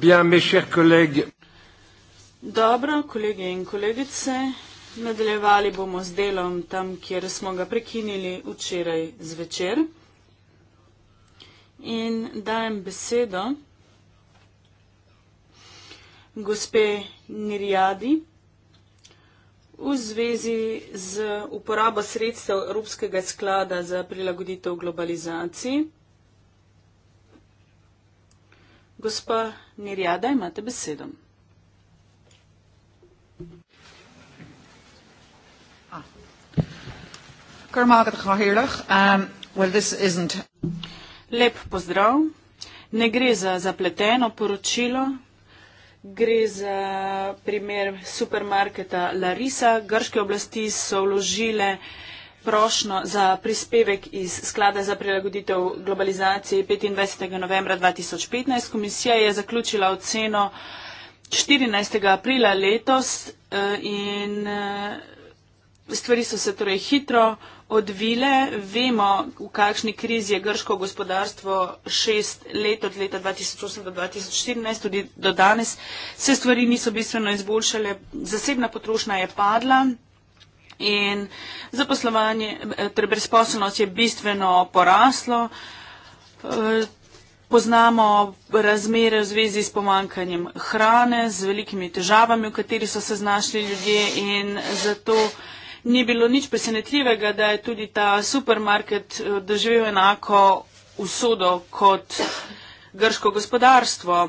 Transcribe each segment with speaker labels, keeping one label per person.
Speaker 1: Bien, mes chers collègues.
Speaker 2: Dobro, kolegi in kolegice, nadaljevali bomo z delom tam, kjer smo ga prekinili včeraj zvečer. In dajem besedo gospe Nirjadi v zvezi z uporabo sredstev Evropskega sklada za prilagoditev globalizaciji. Gospa Mirjada, imate besedo. Lep pozdrav. Ne gre za zapleteno poročilo, gre za primer supermarketa Larisa. Grške oblasti so vložile prošno za prispevek iz sklada za prilagoditev globalizaciji 25. novembra 2015. Komisija je zaključila oceno 14. aprila letos eh, in eh, stvari so se torej hitro odvile. Vemo, v kakšni krizi je grško gospodarstvo šest let od leta 2008 do 2014, tudi do danes. Se stvari niso bistveno izboljšale, zasebna potrošnja je padla in zaposlovanje, torej brezposobnost je bistveno poraslo. Eh, poznamo razmere v zvezi s pomankanjem hrane, z velikimi težavami, v kateri so se znašli ljudje in zato ni bilo nič presenetljivega, da je tudi ta supermarket eh, doživel enako usodo kot grško gospodarstvo.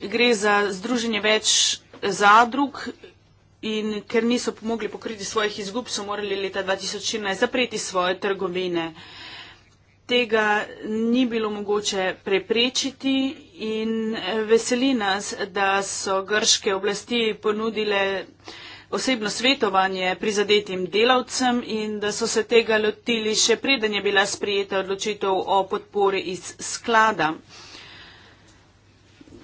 Speaker 2: Gre za združenje več zadrug, In ker niso pomogli pokriti svojih izgub, so morali leta 2014 zapreti svoje trgovine. Tega ni bilo mogoče preprečiti in eh, veseli nas, da so grške oblasti ponudile osebno svetovanje prizadetim delavcem in da so se tega lotili še preden je bila sprijeta odločitev o podpori iz sklada.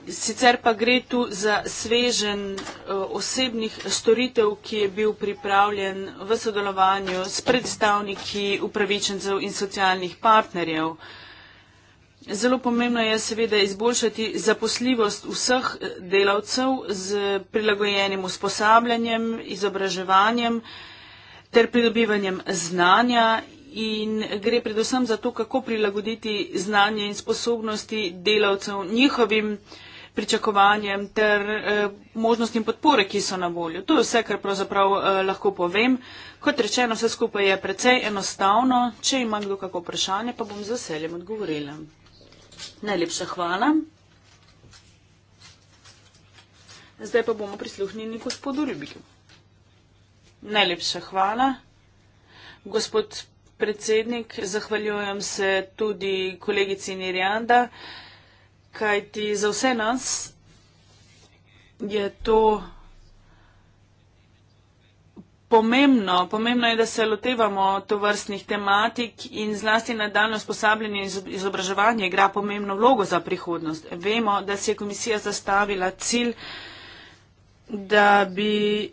Speaker 2: Sicer pa gre tu za svežen eh, osebnih storitev, ki je bil pripravljen v sodelovanju s predstavniki upravičencev in socialnih partnerjev. Zelo pomembno je seveda izboljšati zaposljivost vseh eh, delavcev z prilagojenim usposabljanjem, izobraževanjem ter pridobivanjem znanja in gre predvsem za to, kako prilagoditi znanje in sposobnosti delavcev njihovim pričakovanjem ter eh, možnostim podpore, ki so na voljo. To je vse, kar pravzaprav eh, lahko povem. Kot rečeno, vse skupaj je precej enostavno. Če ima kdo kako vprašanje, pa bom z veseljem odgovorila. Najlepša hvala. Zdaj pa bomo prisluhnili gospodu Ljubiku. Najlepša hvala. Gospod predsednik, zahvaljujem se tudi kolegici Nirjanda kajti za vse nas je to pomembno. Pomembno je, da se lotevamo to vrstnih tematik in zlasti nadaljno usposabljanje in izobraževanje igra pomembno vlogo za prihodnost. Vemo, da si je komisija zastavila cilj, da bi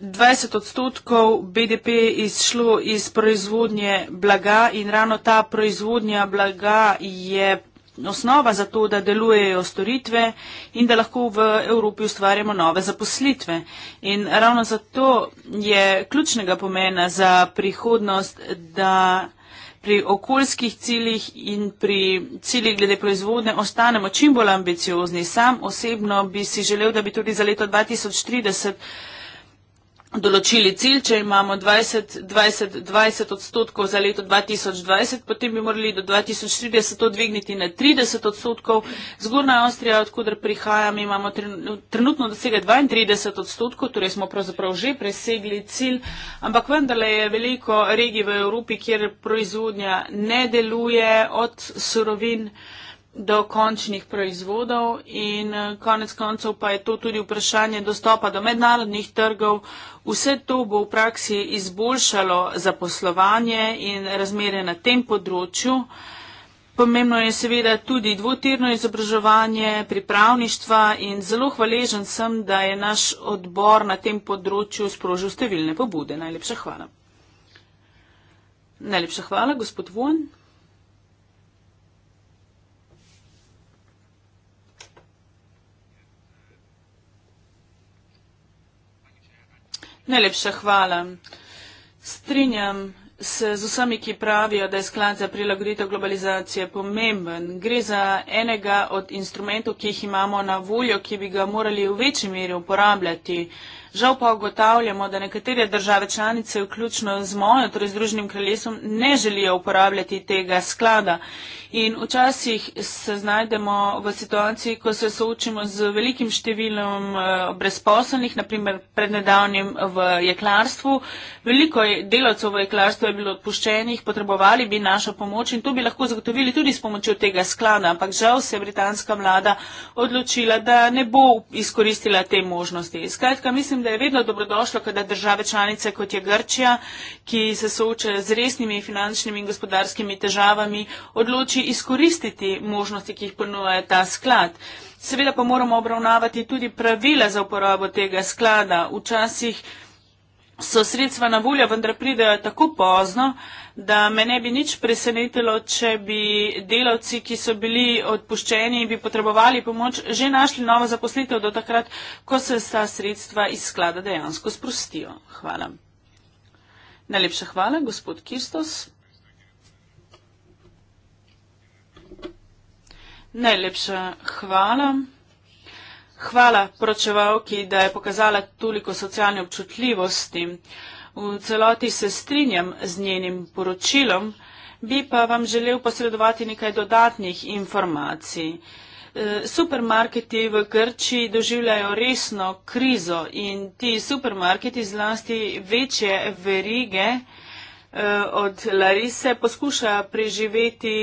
Speaker 2: 20 odstotkov BDP izšlo iz proizvodnje blaga in ravno ta proizvodnja blaga je osnova za to, da delujejo storitve in da lahko v Evropi ustvarjamo nove zaposlitve. In ravno zato je ključnega pomena za prihodnost, da pri okoljskih ciljih in pri ciljih glede proizvodne ostanemo čim bolj ambiciozni. Sam osebno bi si želel, da bi tudi za leto 2030 določili cilj, če imamo 20, 20, 20 odstotkov za leto 2020, potem bi morali do 2030 to dvigniti na 30 odstotkov. Zgornja Avstrija, odkudar prihajam, imamo trenutno dosega 32 odstotkov, torej smo pravzaprav že presegli cilj, ampak vendarle je veliko regij v Evropi, kjer proizvodnja ne deluje od surovin do končnih proizvodov in eh, konec koncev pa je to tudi vprašanje dostopa do mednarodnih trgov. Vse to bo v praksi izboljšalo zaposlovanje in razmere na tem področju. Pomembno je seveda tudi dvotirno izobraževanje, pripravništva in zelo hvaležen sem, da je naš odbor na tem področju sprožil številne pobude. Najlepša hvala. Najlepša hvala, gospod Vojn. Najlepša hvala. Strinjam se z vsemi, ki pravijo, da je sklad za prilagoditev globalizacije pomemben. Gre za enega od instrumentov, ki jih imamo na voljo, ki bi ga morali v večji meri uporabljati. Žal pa ugotavljamo, da nekatere države članice, vključno z mojo, torej Združenim kraljestvom, ne želijo uporabljati tega sklada. In včasih se znajdemo v situaciji, ko se soočimo z velikim številom eh, brezposelnih, naprimer prednedavnim v jeklarstvu. Veliko delavcev v jeklarstvu je bilo odpuščenih, potrebovali bi našo pomoč in to bi lahko zagotovili tudi s pomočjo tega sklada. Ampak žal se je britanska vlada odločila, da ne bo izkoristila te možnosti. Skratka, mislim, da je vedno dobrodošlo, kada države članice kot je Grčija, ki se sooča z resnimi finančnimi in gospodarskimi težavami, odloči izkoristiti možnosti, ki jih ponuja ta sklad. Seveda pa moramo obravnavati tudi pravila za uporabo tega sklada. Včasih so sredstva na voljo, vendar pridejo tako pozno, da me ne bi nič presenetilo, če bi delavci, ki so bili odpuščeni in bi potrebovali pomoč, že našli novo zaposlitev do takrat, ko se ta sredstva iz sklada dejansko sprostijo. Hvala. Najlepša hvala, gospod Kirstos. Najlepša hvala. Hvala poročevalki, da je pokazala toliko socialne občutljivosti. V celoti se strinjam z njenim poročilom, bi pa vam želel posredovati nekaj dodatnih informacij. E, supermarketi v Grčiji doživljajo resno krizo in ti supermarketi zlasti večje verige e, od Larise poskušajo preživeti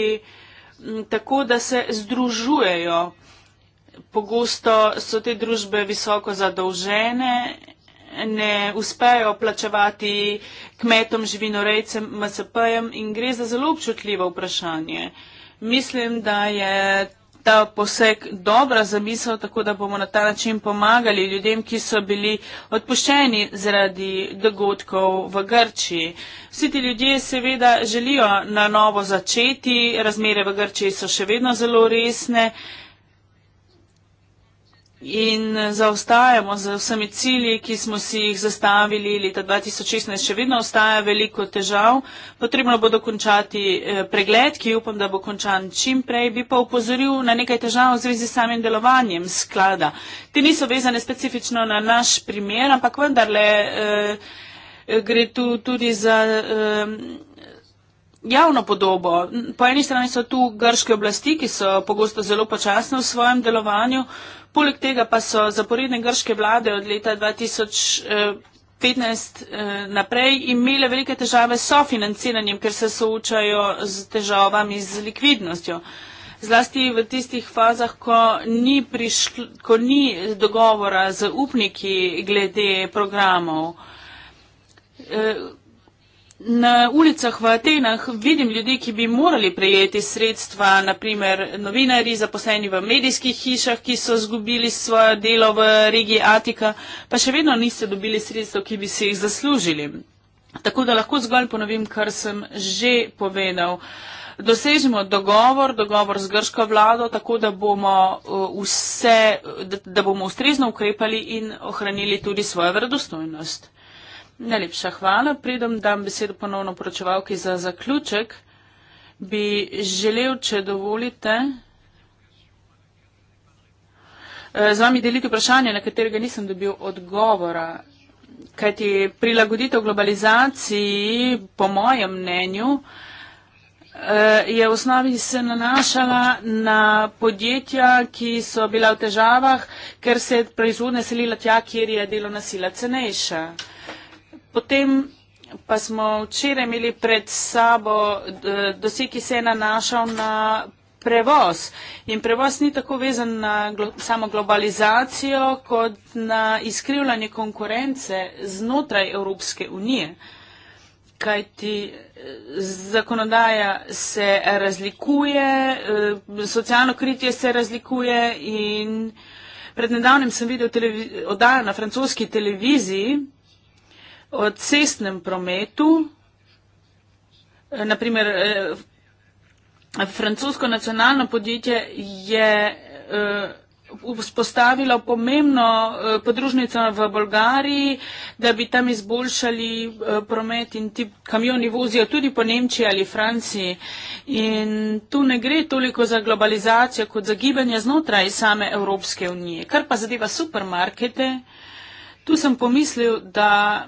Speaker 2: tako, da se združujejo pogosto so te družbe visoko zadolžene, ne uspejo plačevati kmetom, živinorejcem, MSP-jem in gre za zelo občutljivo vprašanje. Mislim, da je ta poseg dobra zamisel, tako da bomo na ta način pomagali ljudem, ki so bili odpuščeni zaradi dogodkov v Grčiji. Vsi ti ljudje seveda želijo na novo začeti, razmere v Grčiji so še vedno zelo resne in eh, zaostajamo z vsemi cilji, ki smo si jih zastavili leta 2016. Še vedno ostaja veliko težav. Potrebno bo dokončati eh, pregled, ki upam, da bo končan čim prej. Bi pa upozoril na nekaj težav v zvezi s samim delovanjem sklada. Te niso vezane specifično na naš primer, ampak vendarle eh, gre tu tudi za. Eh, javno podobo. Po eni strani so tu grške oblasti, ki so pogosto zelo počasne v svojem delovanju, poleg tega pa so zaporedne grške vlade od leta 2000. Eh, 15 eh, naprej imele velike težave s sofinanciranjem, ker se soočajo z težavami z likvidnostjo. Zlasti v tistih fazah, ko ni, prišlo, ko ni dogovora z upniki glede programov. Eh, Na ulicah v Atenah vidim ljudi, ki bi morali prejeti sredstva, naprimer novinari zaposleni v medijskih hišah, ki so zgubili svoje delo v regiji Atika, pa še vedno niste dobili sredstev, ki bi si jih zaslužili. Tako da lahko zgolj ponovim, kar sem že povedal. Dosežimo dogovor, dogovor z grško vlado, tako da bomo, uh, vse, da bomo ustrezno ukrepali in ohranili tudi svojo vredostojnost. Najlepša hvala. Predem dam besedo ponovno poročevalki za zaključek. Bi želel, če dovolite, eh, z vami deliti vprašanje, na katerega nisem dobil odgovora. Kajti prilagoditev globalizaciji, po mojem mnenju, eh, je v osnovi se nanašala na podjetja, ki so bila v težavah, ker se je proizvodnja selila tja, kjer je delovna sila cenejša. Potem pa smo včeraj imeli pred sabo doseg, ki se je nanašal na prevoz. In prevoz ni tako vezan na glo samo globalizacijo, kot na izkrivljanje konkurence znotraj Evropske unije. Kajti eh, zakonodaja se razlikuje, eh, socialno kritje se razlikuje in pred nedavnim sem videl oddajo na francoski televiziji, o cestnem prometu. Naprimer, eh, francosko nacionalno podjetje je eh, vzpostavilo pomembno eh, podružnico v Bolgariji, da bi tam izboljšali promet in ti kamioni vozijo tudi po Nemčiji ali Franciji. In tu ne gre toliko za globalizacijo kot za gibanje znotraj same Evropske unije. Kar pa zadeva supermarkete, tu sem pomislil, da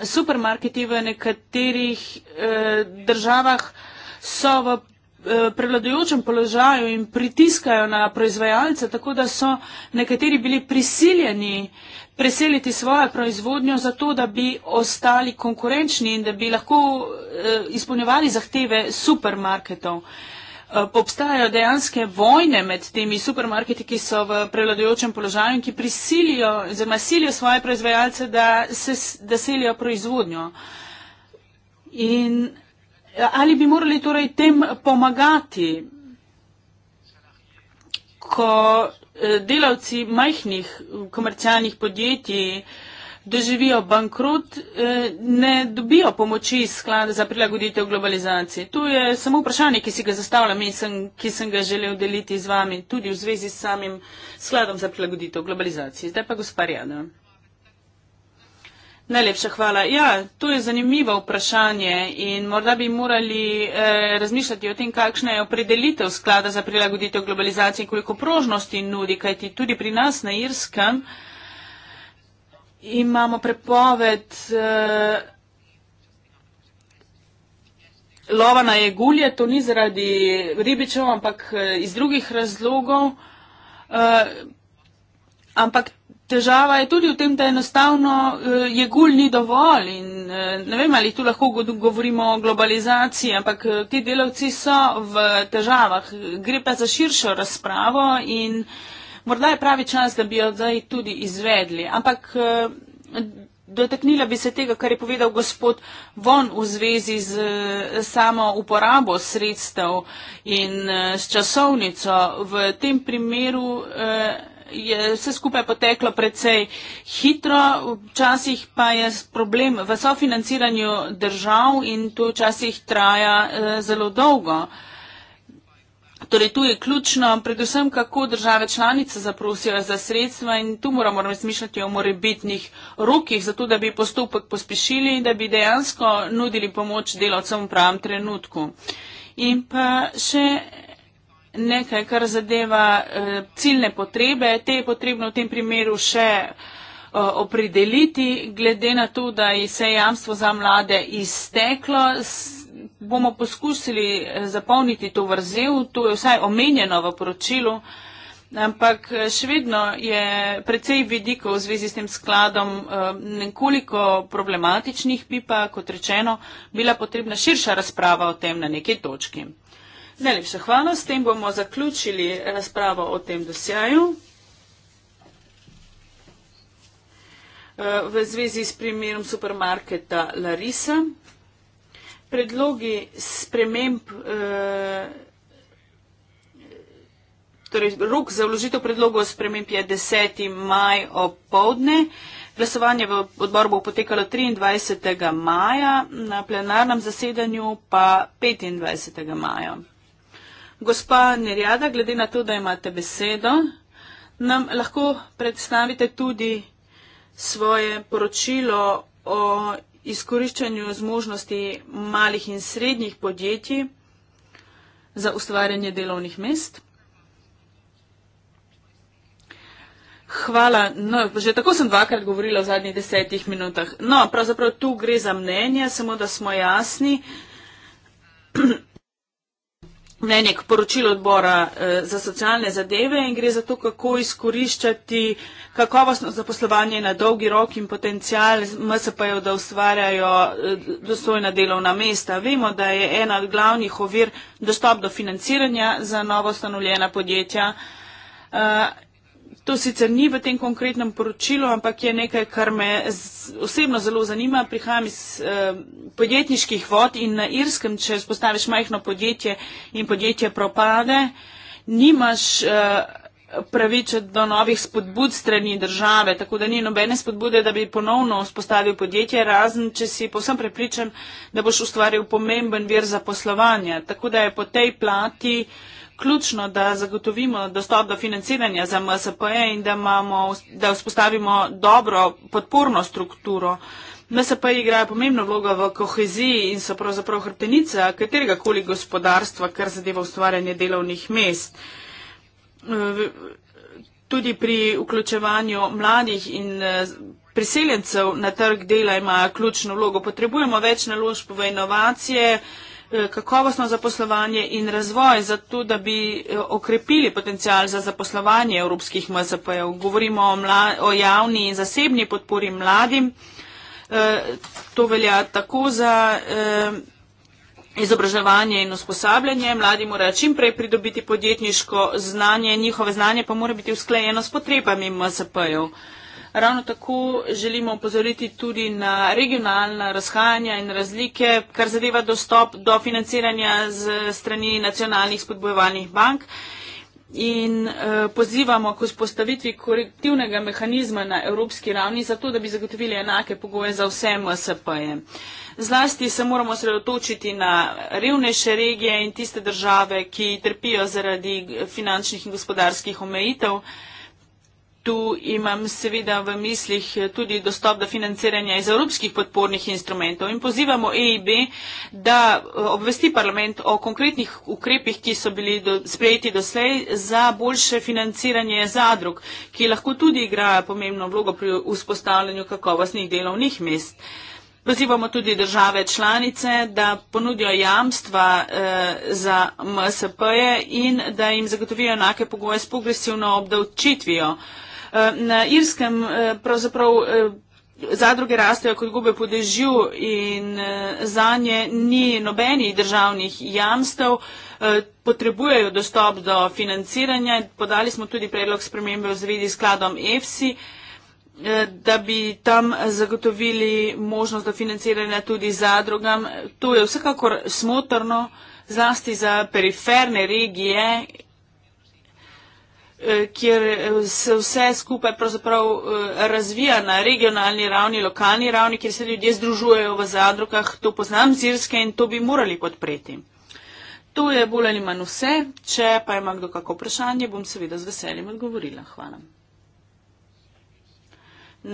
Speaker 2: supermarketi v nekaterih eh, državah so v eh, prevladujočem položaju in pritiskajo na proizvajalce, tako da so nekateri bili prisiljeni preseliti svojo proizvodnjo zato, da bi ostali konkurenčni in da bi lahko eh, izpolnjevali zahteve supermarketov. Eh, Eh, obstajajo dejanske vojne med temi supermarketi, ki so v prevladojočem položaju in ki prisilijo, oziroma silijo svoje proizvajalce, da, se, da selijo proizvodnjo. In eh, ali bi morali torej tem pomagati, ko eh, delavci majhnih komercialnih podjetij, doživijo bankrot, eh, ne dobijo pomoči sklada za prilagoditev globalizacije. To je samo vprašanje, ki si ga zastavljam in sem, ki sem ga želel deliti z vami tudi v zvezi s samim skladom za prilagoditev globalizacije. Zdaj pa gospa Rjana. Najlepša hvala. Ja, to je zanimivo vprašanje in morda bi morali eh, razmišljati o tem, kakšna je opredelitev sklada za prilagoditev globalizacije in koliko prožnosti nudi, kajti tudi pri nas na Irskem eh, imamo prepoved eh, lova na jegulje, to ni zaradi ribičev, ampak eh, iz drugih razlogov. Eh, ampak težava je tudi v tem, da enostavno eh, jegulj ni dovolj in eh, ne vem, ali tu lahko govorimo o globalizaciji, ampak eh, ti delavci so v težavah. Gre pa za širšo razpravo in eh, morda je pravi čas, da bi jo zdaj tudi izvedli. Ampak eh, dotaknila bi se tega, kar je povedal gospod Von v zvezi z eh, samo uporabo sredstev in eh, s časovnico. V tem primeru je vse skupaj poteklo precej hitro, včasih pa je problem v sofinanciranju držav in to včasih traja zelo dolgo. Torej, tu je ključno, predvsem kako države članice zaprosijo za sredstva in tu moramo razmišljati o morebitnih rokih, zato da bi postopek pospešili in da bi dejansko nudili pomoč delavcem v pravem trenutku. In pa še nekaj, kar zadeva eh, ciljne potrebe, te je potrebno v tem primeru še eh, opredeliti, glede na to, da je se jamstvo za mlade izteklo, bomo poskusili eh, zapolniti to vrzel, to je vsaj omenjeno v poročilu, ampak eh, še vedno je precej vidikov v zvezi s tem skladom eh, nekoliko problematičnih, bi pa, kot rečeno, bila potrebna širša razprava o tem na neki točki. Najlepša hvala, s tem bomo zaključili razpravo o tem dosjaju. V zvezi s primerom supermarketa Larisa predlogi sprememb, eh, torej rok za vložitev predlogov sprememb je 10. maj opovdne. Glasovanje v odboru bo potekalo 23. maja, na plenarnem zasedanju pa 25. maja. Gospa Nerjada, glede na to, da imate besedo, nam lahko predstavite tudi svoje poročilo o izkoriščanju zmožnosti malih in srednjih podjetij za ustvarjanje delovnih mest. Hvala. No, že tako sem dvakrat govorila v zadnjih desetih minutah. No, pravzaprav tu gre za mnenje, samo da smo jasni mnenje k poročilu odbora eh, za socialne zadeve in gre za to, kako izkoriščati kakovostno zaposlovanje na dolgi rok in potencial MSP-jev, da ustvarjajo eh, dostojna delovna mesta. Vemo, da je ena od glavnih ovir dostop do financiranja za novo ustanovljena podjetja. Eh, To sicer ni v tem konkretnem poročilu, ampak je nekaj, kar me osebno zelo zanima. Prihajam iz eh, podjetniških vod in na Irskem, če spostaviš majhno podjetje in podjetje propade, nimaš eh, praviče do novih spodbud strani države, tako da ni nobene spodbude, da bi ponovno spostavil podjetje, razen če si povsem prepričan, da boš ustvaril pomemben vir za poslovanje. Tako da je po tej plati. Eh, ključno, da zagotovimo dostop do financiranja za MSP-je in da, imamo, da vzpostavimo dobro podporno strukturo. MSP-ji e igrajo pomembno vlogo v koheziji in so pravzaprav hrbtenica katerega koli gospodarstva, kar zadeva ustvarjanje delovnih mest. Tudi pri vključevanju mladih in priseljencev na trg dela imajo ključno vlogo. Potrebujemo več naložb v inovacije. Eh, kakovostno zaposlovanje in razvoj, zato da bi eh, okrepili potencial za zaposlovanje evropskih MSP-jev. Govorimo o, o javni in zasebni podpori mladim. Eh, to velja tako za izobraževanje in usposabljanje. Mladi morajo čim prej pridobiti podjetniško znanje, njihove znanje pa mora biti usklajeno s potrebami MSP-jev. Ravno tako želimo opozoriti tudi na regionalna razhajanja in razlike, kar zadeva dostop do financiranja z strani nacionalnih spodbojevalnih bank. In eh, pozivamo k vzpostavitvi korektivnega mehanizma na evropski ravni, zato da bi zagotovili enake pogoje za vse MSP-je. Zlasti se moramo sredotočiti na revnejše regije in tiste države, ki trpijo zaradi finančnih in gospodarskih omejitev. Tu imam seveda v mislih tudi dostop do financiranja iz evropskih podpornih instrumentov in pozivamo EIB, da eh, obvesti parlament o konkretnih ukrepih, ki so bili do, sprejeti doslej za boljše financiranje zadrug, ki lahko tudi igrajo pomembno vlogo pri vzpostavljanju kakovostnih delovnih mest. Pozivamo tudi države članice, da ponudijo jamstva eh, za MSP-je in da jim zagotovijo enake pogoje s progresivno obdavčitvijo. Eh, na Irskem eh, pravzaprav eh, zadruge rastejo kot gube po dežju in za nje ni nobenih državnih jamstev, potrebujejo dostop do financiranja. Podali smo tudi predlog spremembe v zvedi s skladom EFSI da bi tam zagotovili možnost do financiranja tudi zadrugam. To je vsekakor smotrno, zlasti za periferne regije, Eh, kjer eh, se vse skupaj pravzaprav eh, razvija na regionalni ravni, lokalni ravni, kjer se ljudje združujejo v zadrugah. To poznam z Irske in to bi morali podpreti. To je bolj ali manj vse. Če pa ima kdo kako vprašanje, bom seveda z veseljem odgovorila. Hvala.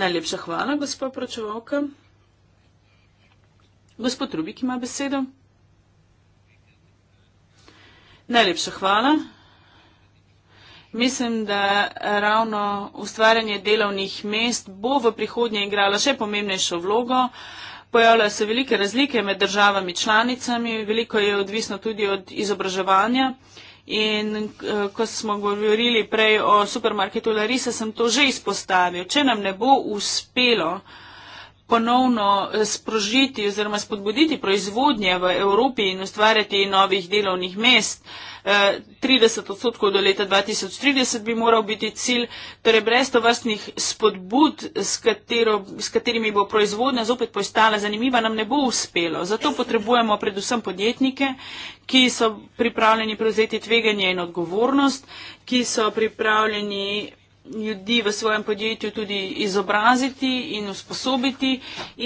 Speaker 2: Najlepša hvala, gospod Pročevalka. Gospod Rubik ima besedo. Najlepša hvala. Mislim, da ravno ustvarjanje delovnih mest bo v prihodnje igralo še pomembnejšo vlogo. Pojavljajo se velike razlike med državami članicami, veliko je odvisno tudi od izobraževanja. In eh, ko smo govorili prej o supermarketu Larisa, sem to že izpostavil. Če nam ne bo uspelo, ponovno eh, sprožiti oziroma spodbuditi proizvodnje v Evropi in ustvarjati novih delovnih mest. 30 eh, odstotkov do leta 2030 bi moral biti cilj, torej brez tovrstnih spodbud, s, katero, s katerimi bo proizvodnja zopet postala zanimiva, nam ne bo uspelo. Zato potrebujemo predvsem podjetnike, ki so pripravljeni prevzeti tveganje in odgovornost, ki so pripravljeni ljudi v svojem podjetju tudi izobraziti in usposobiti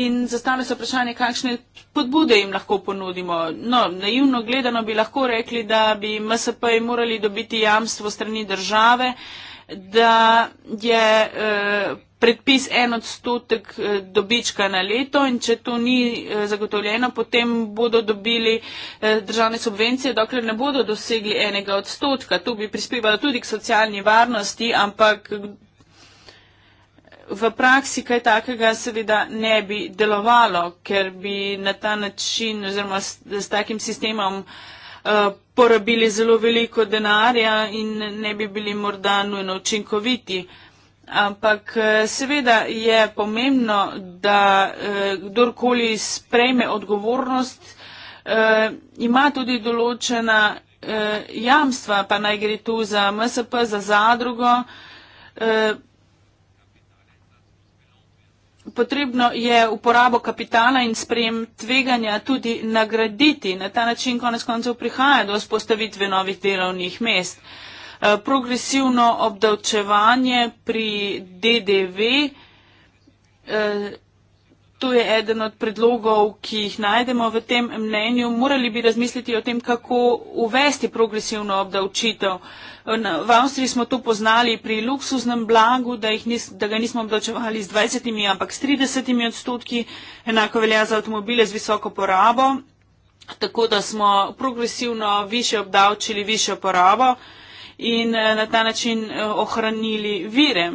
Speaker 2: in zastavlja se vprašanje, kakšne podbude jim lahko ponudimo. No, naivno gledano bi lahko rekli, da bi MSP morali dobiti jamstvo strani države. Uh, da je eh, predpis en odstotek eh, dobička na leto in če to ni eh, zagotovljeno, potem bodo dobili državne subvencije, dokler ne bodo dosegli enega odstotka. To bi prispevalo tudi k socialni varnosti, ampak v praksi kaj takega seveda ne bi delovalo, ker bi na ta način oziroma s, s takim sistemom uh, Eh, porabili zelo veliko denarja in ne bi bili morda nujno učinkoviti. Ampak eh, seveda je pomembno, da eh, kdorkoli sprejme odgovornost, ima tudi določena jamstva, pa naj gre tu za MSP, za zadrugo potrebno je uporabo kapitala in sprejem tveganja tudi nagraditi. Na ta način konec koncev prihaja do spostavitve novih delovnih mest. Eh, progresivno obdavčevanje pri DDV, eh, to je eden od predlogov, ki jih najdemo v tem mnenju, morali bi razmisliti o tem, kako uvesti progresivno obdavčitev v Avstriji smo to poznali pri luksuznem blagu, da, nis, da ga nismo obdavčevali z 20, ampak s 30 odstotki, enako velja za avtomobile z visoko porabo, tako da smo progresivno više obdavčili više porabo in eh, na ta način eh, ohranili vire.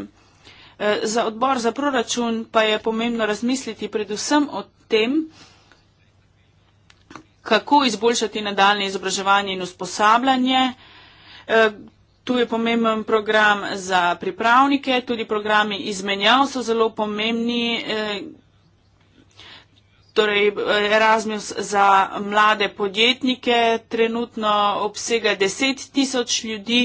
Speaker 2: Eh, za odbor za proračun pa je pomembno razmisliti predvsem o tem, kako izboljšati nadaljne izobraževanje in usposabljanje, Tu je pomemben program za pripravnike, tudi programi izmenjav so zelo pomembni. Eh, torej, eh, Erasmus za mlade podjetnike trenutno obsega 10 tisoč ljudi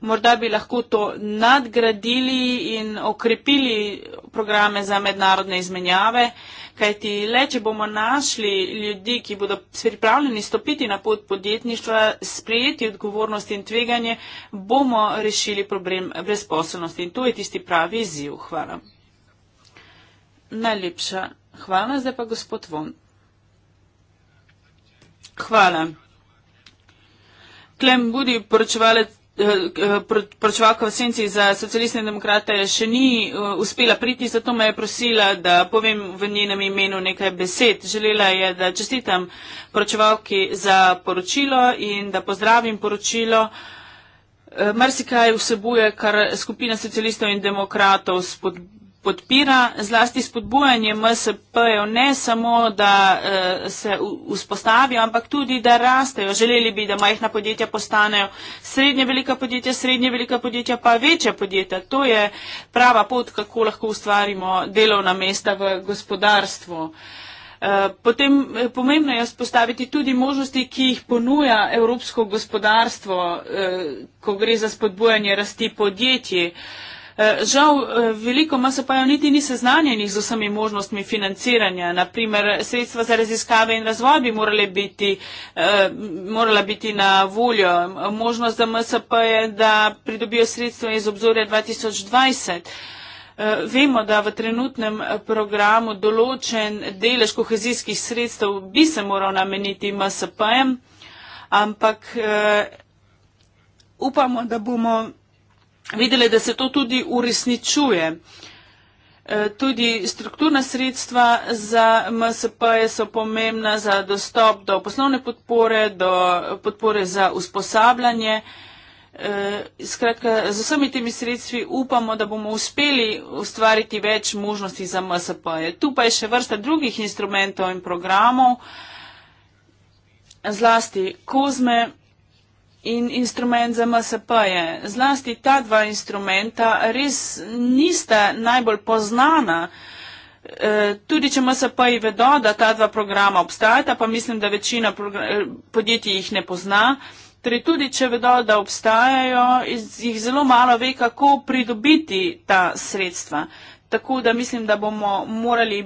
Speaker 2: morda bi lahko to nadgradili in okrepili programe za mednarodne izmenjave, kajti le, če bomo našli ljudi, ki bodo pripravljeni stopiti na pot podjetništva, sprejeti odgovornost in tveganje, bomo rešili problem brezposobnosti. In to je tisti pravi izziv. Hvala. Najlepša. Hvala. Zdaj pa gospod Von. Hvala. Klem Budi, poročevalec Eh, pročevalka v senci za socialistne demokrate še ni eh, uspela priti, zato me je prosila, da povem v njenem imenu nekaj besed. Želela je, da čestitam pročevalki za poročilo in da pozdravim poročilo. Eh, marsikaj vsebuje, kar skupina socialistov in demokratov spodbuja podpira zlasti spodbujanje MSP-jev, ne samo, da eh, se vzpostavijo, ampak tudi, da rastejo. Želeli bi, da majhna podjetja postanejo srednje velika podjetja, srednje velika podjetja pa večja podjetja. To je prava pot, kako lahko ustvarimo delovna mesta v gospodarstvu. Eh, potem eh, pomembno je spostaviti tudi možnosti, ki jih ponuja evropsko gospodarstvo, ko gre za spodbujanje rasti podjetij. Eh, žal, eh, veliko MSP-jev niti ni seznanjenih z vsemi možnostmi financiranja. Naprimer, sredstva za raziskave in razvoj bi biti, eh, morala biti na voljo. Možnost za MSP je, da pridobijo sredstva iz obzorja 2020. Vemo, da v trenutnem programu določen delež kohezijskih sredstev bi se moral nameniti MSP-jem, ampak upamo, da bomo videli, da se to tudi uresničuje. E, tudi strukturna sredstva za MSP -e so pomembna za dostop do poslovne podpore, do podpore za usposabljanje. E, skratka, z vsemi temi sredstvi upamo, da bomo uspeli ustvariti več možnosti za MSP. -e. Tu pa je še vrsta drugih instrumentov in programov, zlasti kozme in instrument za MSP-je. Zlasti ta dva instrumenta res nista najbolj poznana. E, tudi če MSP-ji vedo, da ta dva programa obstajata, pa mislim, da večina e, podjetij jih ne pozna. Torej tudi, če vedo, da obstajajo, jih zelo malo ve, kako pridobiti ta sredstva. Tako da mislim, da bomo morali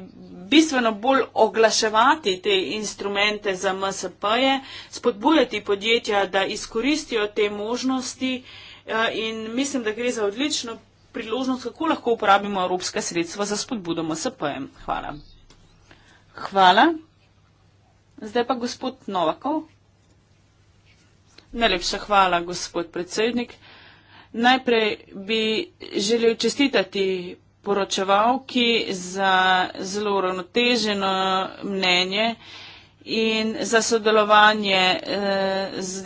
Speaker 2: bistveno bolj oglaševati te instrumente za MSP-je, spodbujati podjetja, da izkoristijo te možnosti eh, in mislim, da gre za odlično priložnost, kako lahko uporabimo evropska sredstva za spodbudo MSP-jem. Hvala. Hvala. Zdaj pa gospod Novakov. Najlepša hvala, gospod predsednik. Najprej bi želel čestitati poročevalki za zelo ravnoteženo mnenje in za sodelovanje eh, z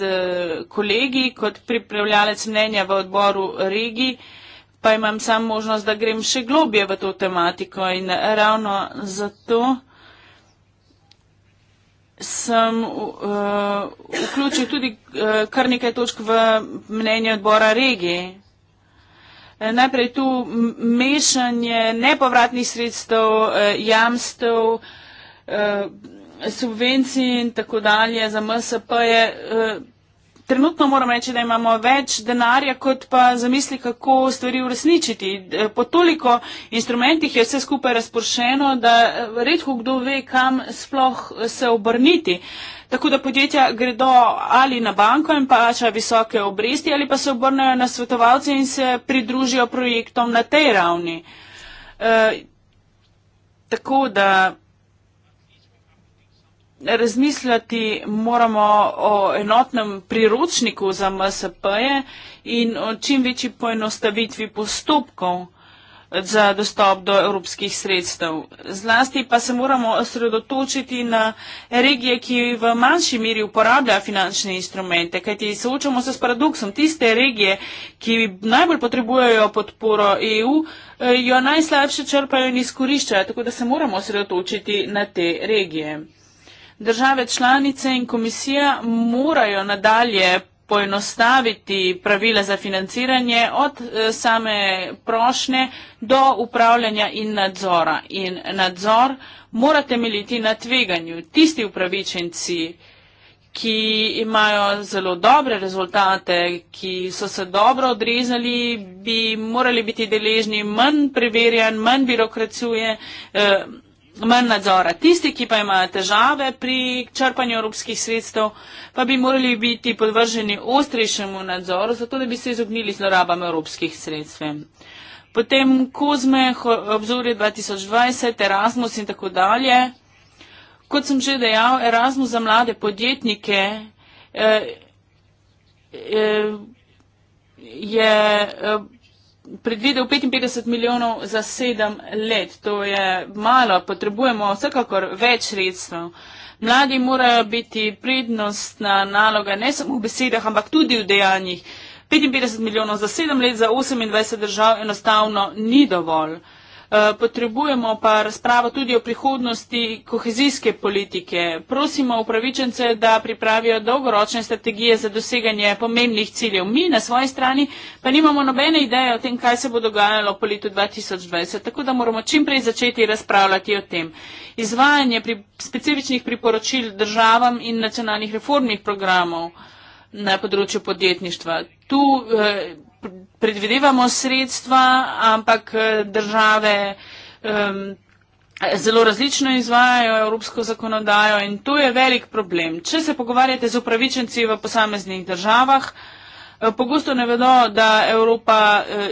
Speaker 2: kolegi kot pripravljalec mnenja v odboru Regi, pa imam sam možnost, da grem še globje v to tematiko in ravno zato sem uh, vključil tudi uh, kar nekaj točk v mnenje odbora regije. Eh, najprej tu mešanje nepovratnih sredstev, eh, jamstev, eh, subvencij in tako dalje za MSP je Trenutno moram reči, da imamo več denarja, kot pa zamisli, kako stvari uresničiti. E, po toliko instrumentih je vse skupaj razpršeno, da e, redko kdo ve, kam sploh e, se obrniti. Tako da podjetja gredo ali na banko in plačajo visoke obresti, ali pa se obrnejo na svetovalce in se pridružijo projektom na tej ravni. E, tako da razmisljati moramo o enotnem priročniku za MSP-je in o čim večji poenostavitvi postopkov za dostop do evropskih sredstev. Zlasti pa se moramo osredotočiti na regije, ki v manjši meri uporabljajo finančne instrumente, kajti soočamo se s paradoksom. Tiste regije, ki najbolj potrebujejo podporo EU, eh, jo najslabše črpajo in izkoriščajo, tako da se moramo osredotočiti na te regije države članice in komisija morajo nadalje poenostaviti pravila za financiranje od eh, same prošnje do upravljanja in nadzora. In nadzor mora temeljiti na tveganju. Tisti upravičenci, ki imajo zelo dobre rezultate, ki so se dobro odrezali, bi morali biti deležni manj preverjan, manj birokracije. Eh, manj nadzora. Tisti, ki pa imajo težave pri črpanju evropskih sredstev, pa bi morali biti podvrženi ostrejšemu nadzoru, zato da bi se izognili zlorabam evropskih sredstev. Potem Kozme, obzorje 2020, Erasmus in tako dalje. Kot sem že dejal, Erasmus za mlade podjetnike eh, eh, je. Eh, predvidel 55 milijonov za sedem let. To je malo, potrebujemo vsekakor več sredstev. Mladi morajo biti prednostna naloga ne samo v besedah, ampak tudi v dejanjih. 55 milijonov za sedem let za 28 držav enostavno ni dovolj. Uh, Eh, potrebujemo pa razpravo tudi o prihodnosti kohezijske politike. Prosimo upravičence, da pripravijo dolgoročne strategije za doseganje pomembnih ciljev. Mi na svoji strani pa nimamo nobene ideje o tem, kaj se bo dogajalo po letu 2020, tako da moramo čimprej začeti razpravljati o tem. Izvajanje pri specifičnih priporočil državam in nacionalnih reformnih programov na področju podjetništva. Tu, eh, predvidevamo sredstva, ampak eh, države um, zelo različno izvajajo evropsko zakonodajo in to je velik problem. Če se pogovarjate z upravičenci v posameznih državah, eh, pogosto ne vedo, da Evropa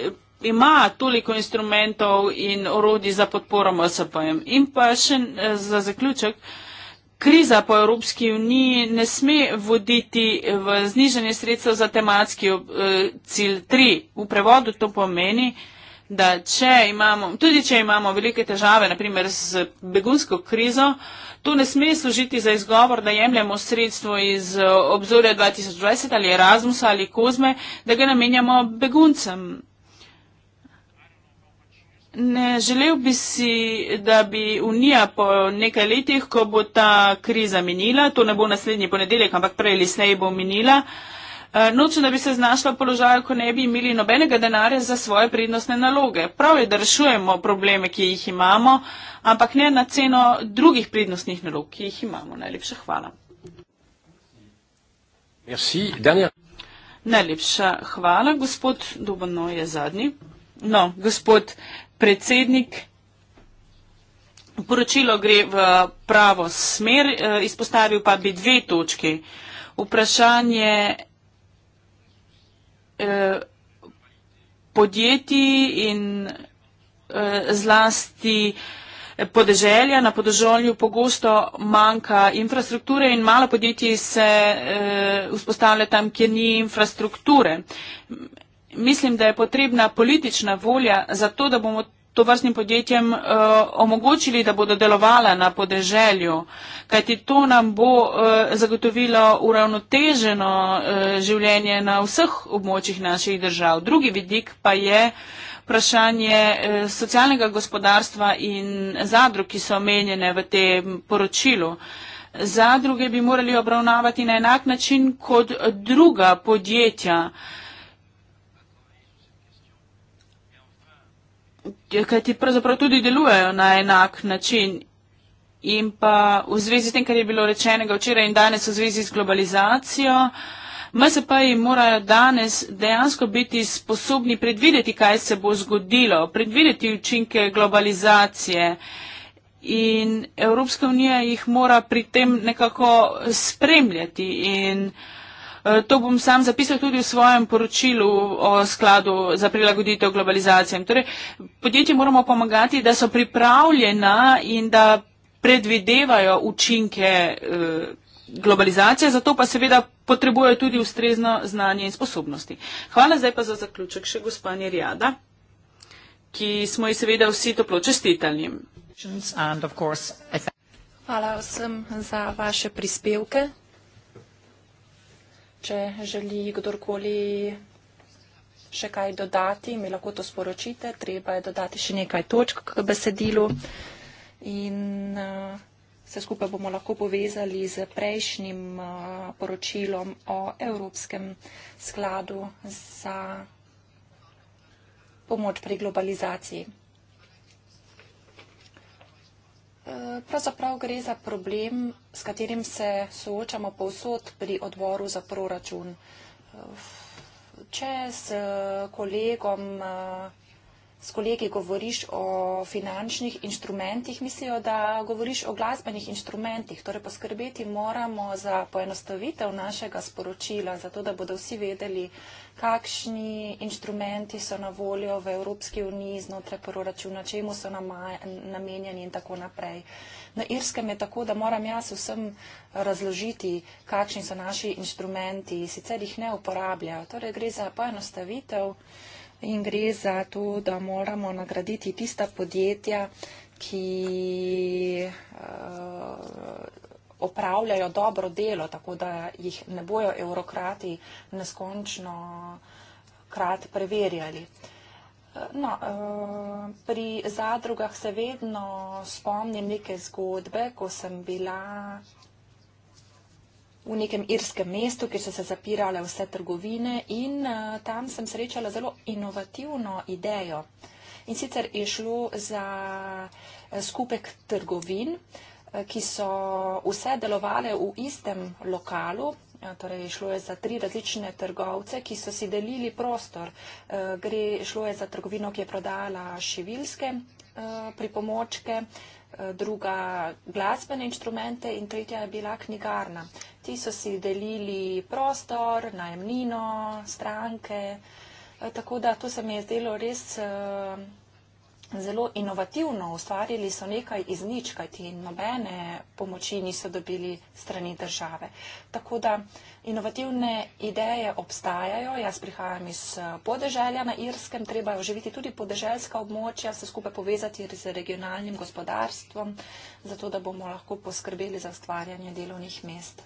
Speaker 2: uh, ima toliko instrumentov in orodi za podporo MSP-jem. In pa še uh, za zaključek. Uh, kriza po Evropski uniji ne sme voditi eh, v znižanje sredstev za tematski eh, cilj 3. V prevodu to pomeni, da če imamo, tudi če imamo velike težave, naprimer z begunsko krizo, to ne sme služiti za izgovor, da jemljamo sredstvo iz eh, obzorja 2020 ali Erasmusa ali Kozme, da ga namenjamo beguncem. Ne želel bi si, da bi Unija po nekaj letih, ko bo ta kriza minila, to ne bo naslednji ponedeljek, ampak prej ali slej bo minila, eh, nočem, da bi se znašla v položaju, ko ne bi imeli nobenega denarja za svoje prednostne naloge. Prav je, da rešujemo probleme, ki jih imamo, ampak ne na ceno drugih prednostnih nalog, ki jih imamo. Najlepša hvala. Merci, Najlepša hvala. Gospod Dubano je zadnji. No, gospod predsednik. Poročilo gre v pravo smer, eh, izpostavil pa bi dve točki. Vprašanje eh, podjetij in eh, zlasti podeželja na podeželju pogosto manjka infrastrukture in malo podjetij se vzpostavlja tam, kjer ni infrastrukture mislim, da je potrebna politična volja za to, da bomo to vrstnim podjetjem uh, omogočili, da bodo delovala na podeželju, kajti to nam bo uh, zagotovilo uravnoteženo uh, življenje na vseh območjih naših držav. Drugi vidik pa je vprašanje uh, socialnega gospodarstva in zadrug, ki so omenjene v tem poročilu. Zadruge bi morali obravnavati na enak način kot druga podjetja. Uh, Ja, kaj ti pravzaprav tudi delujejo na enak način. In pa v zvezi s tem, kar je bilo rečenega včeraj in danes v zvezi s globalizacijo, MSP-ji morajo danes dejansko biti sposobni predvideti, kaj se bo zgodilo, predvideti učinke globalizacije. In Evropska unija jih mora pri tem nekako spremljati. In, uh, Eh, to bom sam zapisal tudi v svojem poročilu o skladu za prilagoditev globalizacijam. Torej, podjetje moramo pomagati, da so pripravljena in da predvidevajo učinke eh, globalizacije, zato pa seveda potrebujejo tudi ustrezno znanje in sposobnosti. Hvala zdaj pa za zaključek še gospanje Rjada, ki smo ji seveda vsi toplo čestitali.
Speaker 3: Hvala vsem za vaše prispevke. Če želi kdorkoli še kaj dodati, mi lahko to sporočite. Treba je dodati še nekaj točk k besedilu in eh, se skupaj bomo lahko povezali z prejšnjim eh, poročilom o Evropskem skladu za pomoč pri globalizaciji. Pravzaprav gre za problem, s katerim se soočamo povsod pri odboru za proračun. Če s kolegom, s kolegi govoriš o finančnih inštrumentih, mislijo, da govoriš o glasbenih inštrumentih. Torej poskrbeti moramo za poenostavitev našega sporočila, zato da bodo vsi vedeli, kakšni inštrumenti so na voljo v Evropski uniji znotraj proračuna, čemu so namenjeni in tako naprej. Na Irskem je tako, da moram jaz vsem razložiti, kakšni so naši inštrumenti, sicer jih ne uporabljajo. Torej gre za poenostavitev in gre za to, da moramo nagraditi tista podjetja, ki eh, opravljajo dobro delo, tako da jih ne bojo evrokrati neskončno krat preverjali. No, eh, pri zadrugah se vedno spomnim neke zgodbe, ko sem bila v nekem irskem mestu, kjer so se zapirale vse trgovine in eh, tam sem srečala zelo inovativno idejo. In sicer je šlo za eh, skupek trgovin, ki so vse delovale v istem lokalu, Ja, torej, šlo je za tri različne trgovce, ki so si delili prostor. E, gre, šlo je za trgovino, ki je prodala šivilske e, pripomočke, e, druga glasbene inštrumente in tretja je bila knjigarna. Ti so si delili prostor, najemnino, stranke. Tako da to se mi je zdelo res zelo inovativno, ustvarili so nekaj iz nič, kajti nobene pomoči niso dobili strani države. Tako da inovativne ideje obstajajo, jaz prihajam iz eh, podeželja na Irskem, treba je oživiti tudi podeželska območja, se skupaj povezati z regionalnim gospodarstvom, zato da bomo lahko poskrbeli za stvarjanje delovnih mest.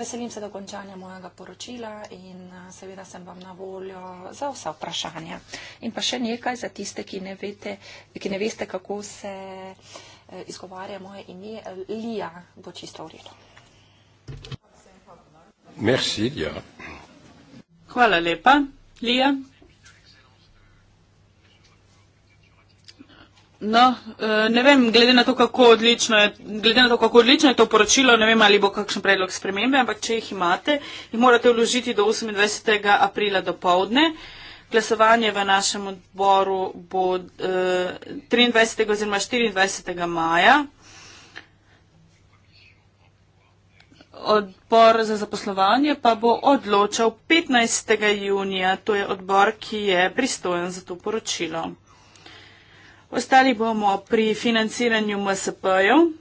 Speaker 3: Veselim se dokončanja mojega poročila in eh, seveda sem vam na voljo za vsa vprašanja. In pa še nekaj za tiste, ki ne, vete, ki ne veste, kako se eh, izgovarja moje ime.
Speaker 2: Lija bo čisto v redu.
Speaker 1: Merci, Lija.
Speaker 2: Hvala lepa, Lija. No, e, ne vem, glede na, to, je, glede na to, kako odlično je to poročilo, ne vem, ali bo kakšen predlog spremembe, ampak če jih imate, jih morate vložiti do 28. aprila do povdne. Glasovanje v našem odboru bo eh, 23. oziroma 24. maja. Odbor za zaposlovanje pa bo odločal 15. junija. To je odbor, ki je pristojen za to poročilo. Ostali bomo pri financiranju MSP-jev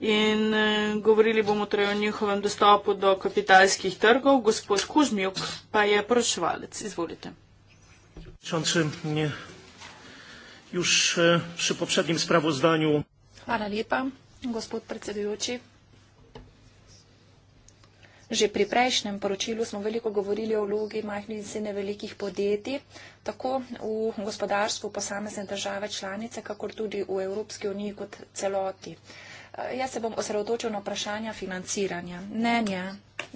Speaker 2: in eh, govorili bomo torej o njihovem dostopu do kapitalskih trgov. Gospod Kužmjuk pa je poročevalec. Izvolite.
Speaker 1: E,
Speaker 3: Hvala lepa, gospod predsedujoči. Že pri prejšnjem poročilu smo veliko govorili o vlogi majhnih in srednje velikih podjetij, tako v gospodarstvu posamezne države članice, kakor tudi v Evropski uniji kot celoti. Eh, jaz se bom osredotočil na vprašanja financiranja. Mnenje,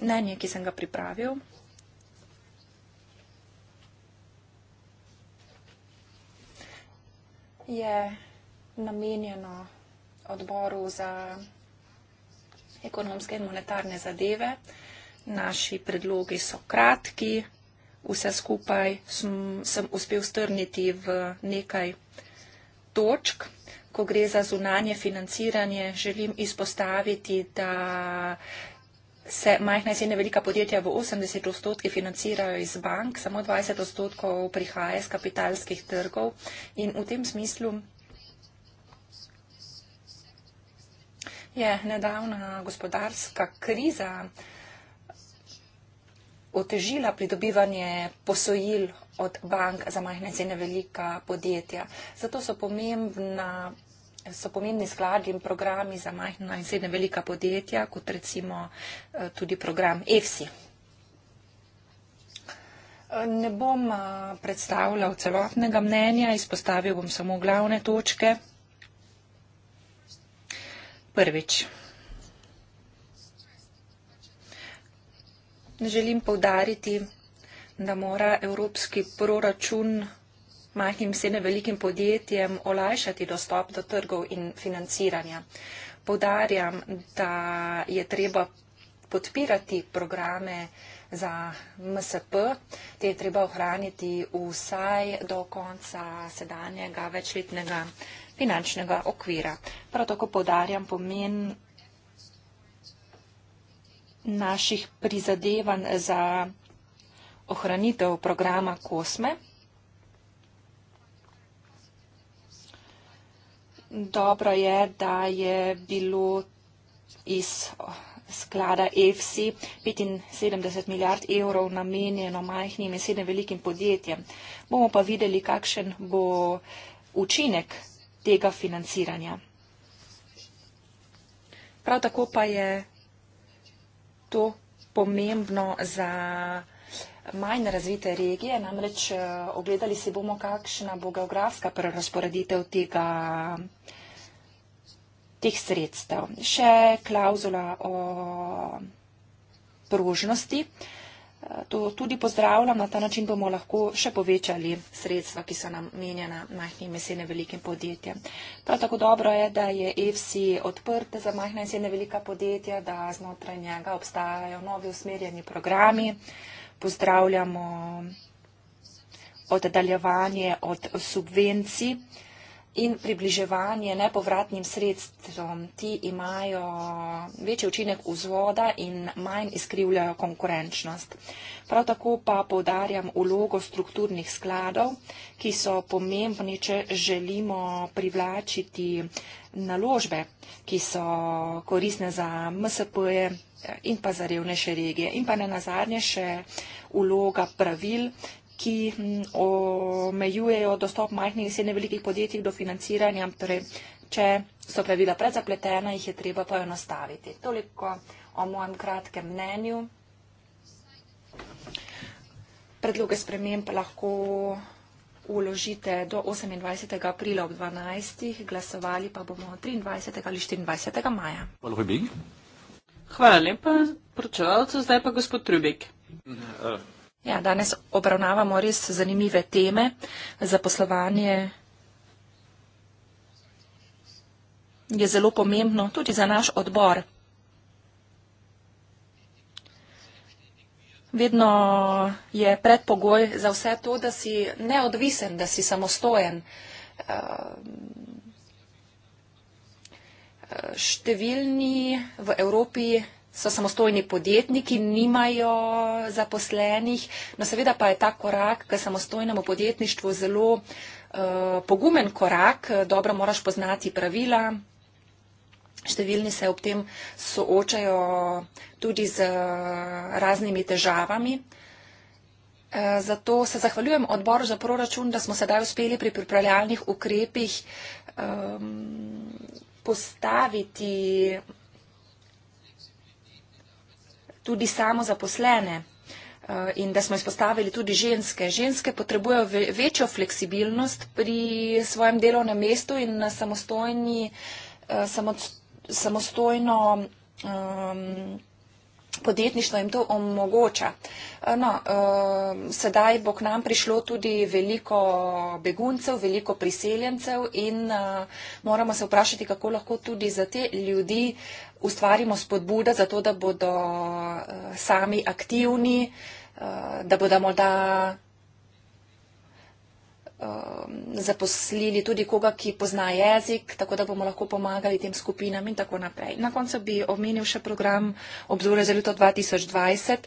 Speaker 3: mnenje, ki sem ga pripravil. je namenjeno odboru za ekonomske in monetarne zadeve. Uh, naši predlogi so kratki, vse skupaj sem, sem uspel strniti v nekaj točk. Ko gre za zunanje financiranje, želim izpostaviti, da se majhna in srednja velika podjetja v 80 odstotkih financirajo iz bank, samo 20 odstotkov prihaja iz kapitalskih trgov in v tem smislu je nedavna gospodarska kriza otežila pridobivanje posojil od bank za majhne cene velika podjetja. Zato so pomembna so pomembni skladi in programi za majhna in srednja velika podjetja, kot recimo eh, tudi program EFSI. Eh, ne bom eh, predstavljal celotnega mnenja, izpostavil bom samo glavne točke. Prvič. želim povdariti, da mora evropski proračun majhnim sene velikim podjetjem olajšati dostop do trgov in financiranja. Povdarjam, da je treba podpirati programe za MSP, te je treba ohraniti vsaj do konca sedanjega večletnega finančnega okvira. Prav tako povdarjam pomen naših prizadevanj za ohranitev programa Kosme. Dobro je, da je bilo iz sklada EFSI 75 milijard evrov namenjeno majhnim in sedem velikim podjetjem. Bomo pa videli, kakšen bo učinek tega financiranja. Prav tako pa je to pomembno za manj razvite regije. Namreč eh, ogledali si bomo, kakšna bo geografska prerasporeditev tega teh sredstev. Še klauzula o prožnosti. Uh, to tudi pozdravljam, na ta način bomo lahko še povečali sredstva, ki so namenjena majhnim in mesene velikim podjetjem. Prav tako dobro je, da je EFSI odprt za majhna in mesene velika podjetja, da znotraj njega obstajajo novi usmerjeni programi. Pozdravljamo oddaljevanje od subvencij in približevanje nepovratnim sredstvom, ti imajo večji učinek vzvoda in manj izkrivljajo konkurenčnost. Prav tako pa povdarjam ulogo strukturnih skladov, ki so pomembni, če želimo privlačiti naložbe, ki so korisne za MSP-je in pa za revnejše regije. In pa ne nazadnje še uloga pravil, ki omejujejo dostop majhnih in srednje velikih podjetij do financiranja. Torej, če so pravila predzapletena, jih je treba poenostaviti. Toliko o mojem kratkem mnenju. Predloge sprememb lahko uložite do 28. aprila ob 12. glasovali pa bomo 23. ali 24. maja.
Speaker 1: Hvala, Hvala
Speaker 2: lepa, predsedujoča. Zdaj pa gospod Trubik. Uh. Mhm, eh,
Speaker 3: Ja, danes obravnavamo res zanimive teme za poslovanje. Je zelo pomembno tudi za naš odbor. Vedno je predpogoj za vse to, da si neodvisen, da si samostojen. Ehm, ehm, številni v Evropi so samostojni podjetniki, nimajo zaposlenih, no seveda pa je ta korak k samostojnemu podjetništvu zelo uh, pogumen korak, dobro moraš poznati pravila. Številni se ob tem soočajo tudi z eh, raznimi težavami. Eh, zato se zahvaljujem odboru za proračun, da smo sedaj uspeli pri pripravljalnih ukrepih um, postaviti tudi samo zaposlene eh, in da smo izpostavili tudi ženske. Ženske potrebujejo večjo fleksibilnost pri svojem delovnem mestu in na samostojni, eh, samostojno ehm, podjetništvo jim to omogoča. Eh, no, sedaj bo k nam prišlo tudi veliko beguncev, veliko priseljencev in moramo se vprašati, kako lahko tudi za te ljudi ustvarimo spodbude za to, da bodo eh, sami aktivni, eh, da bodo morda eh, zaposlili tudi koga, ki pozna jezik, tako da bomo lahko pomagali tem skupinam in tako naprej. Na koncu bi omenil še program obzore za leto 2020.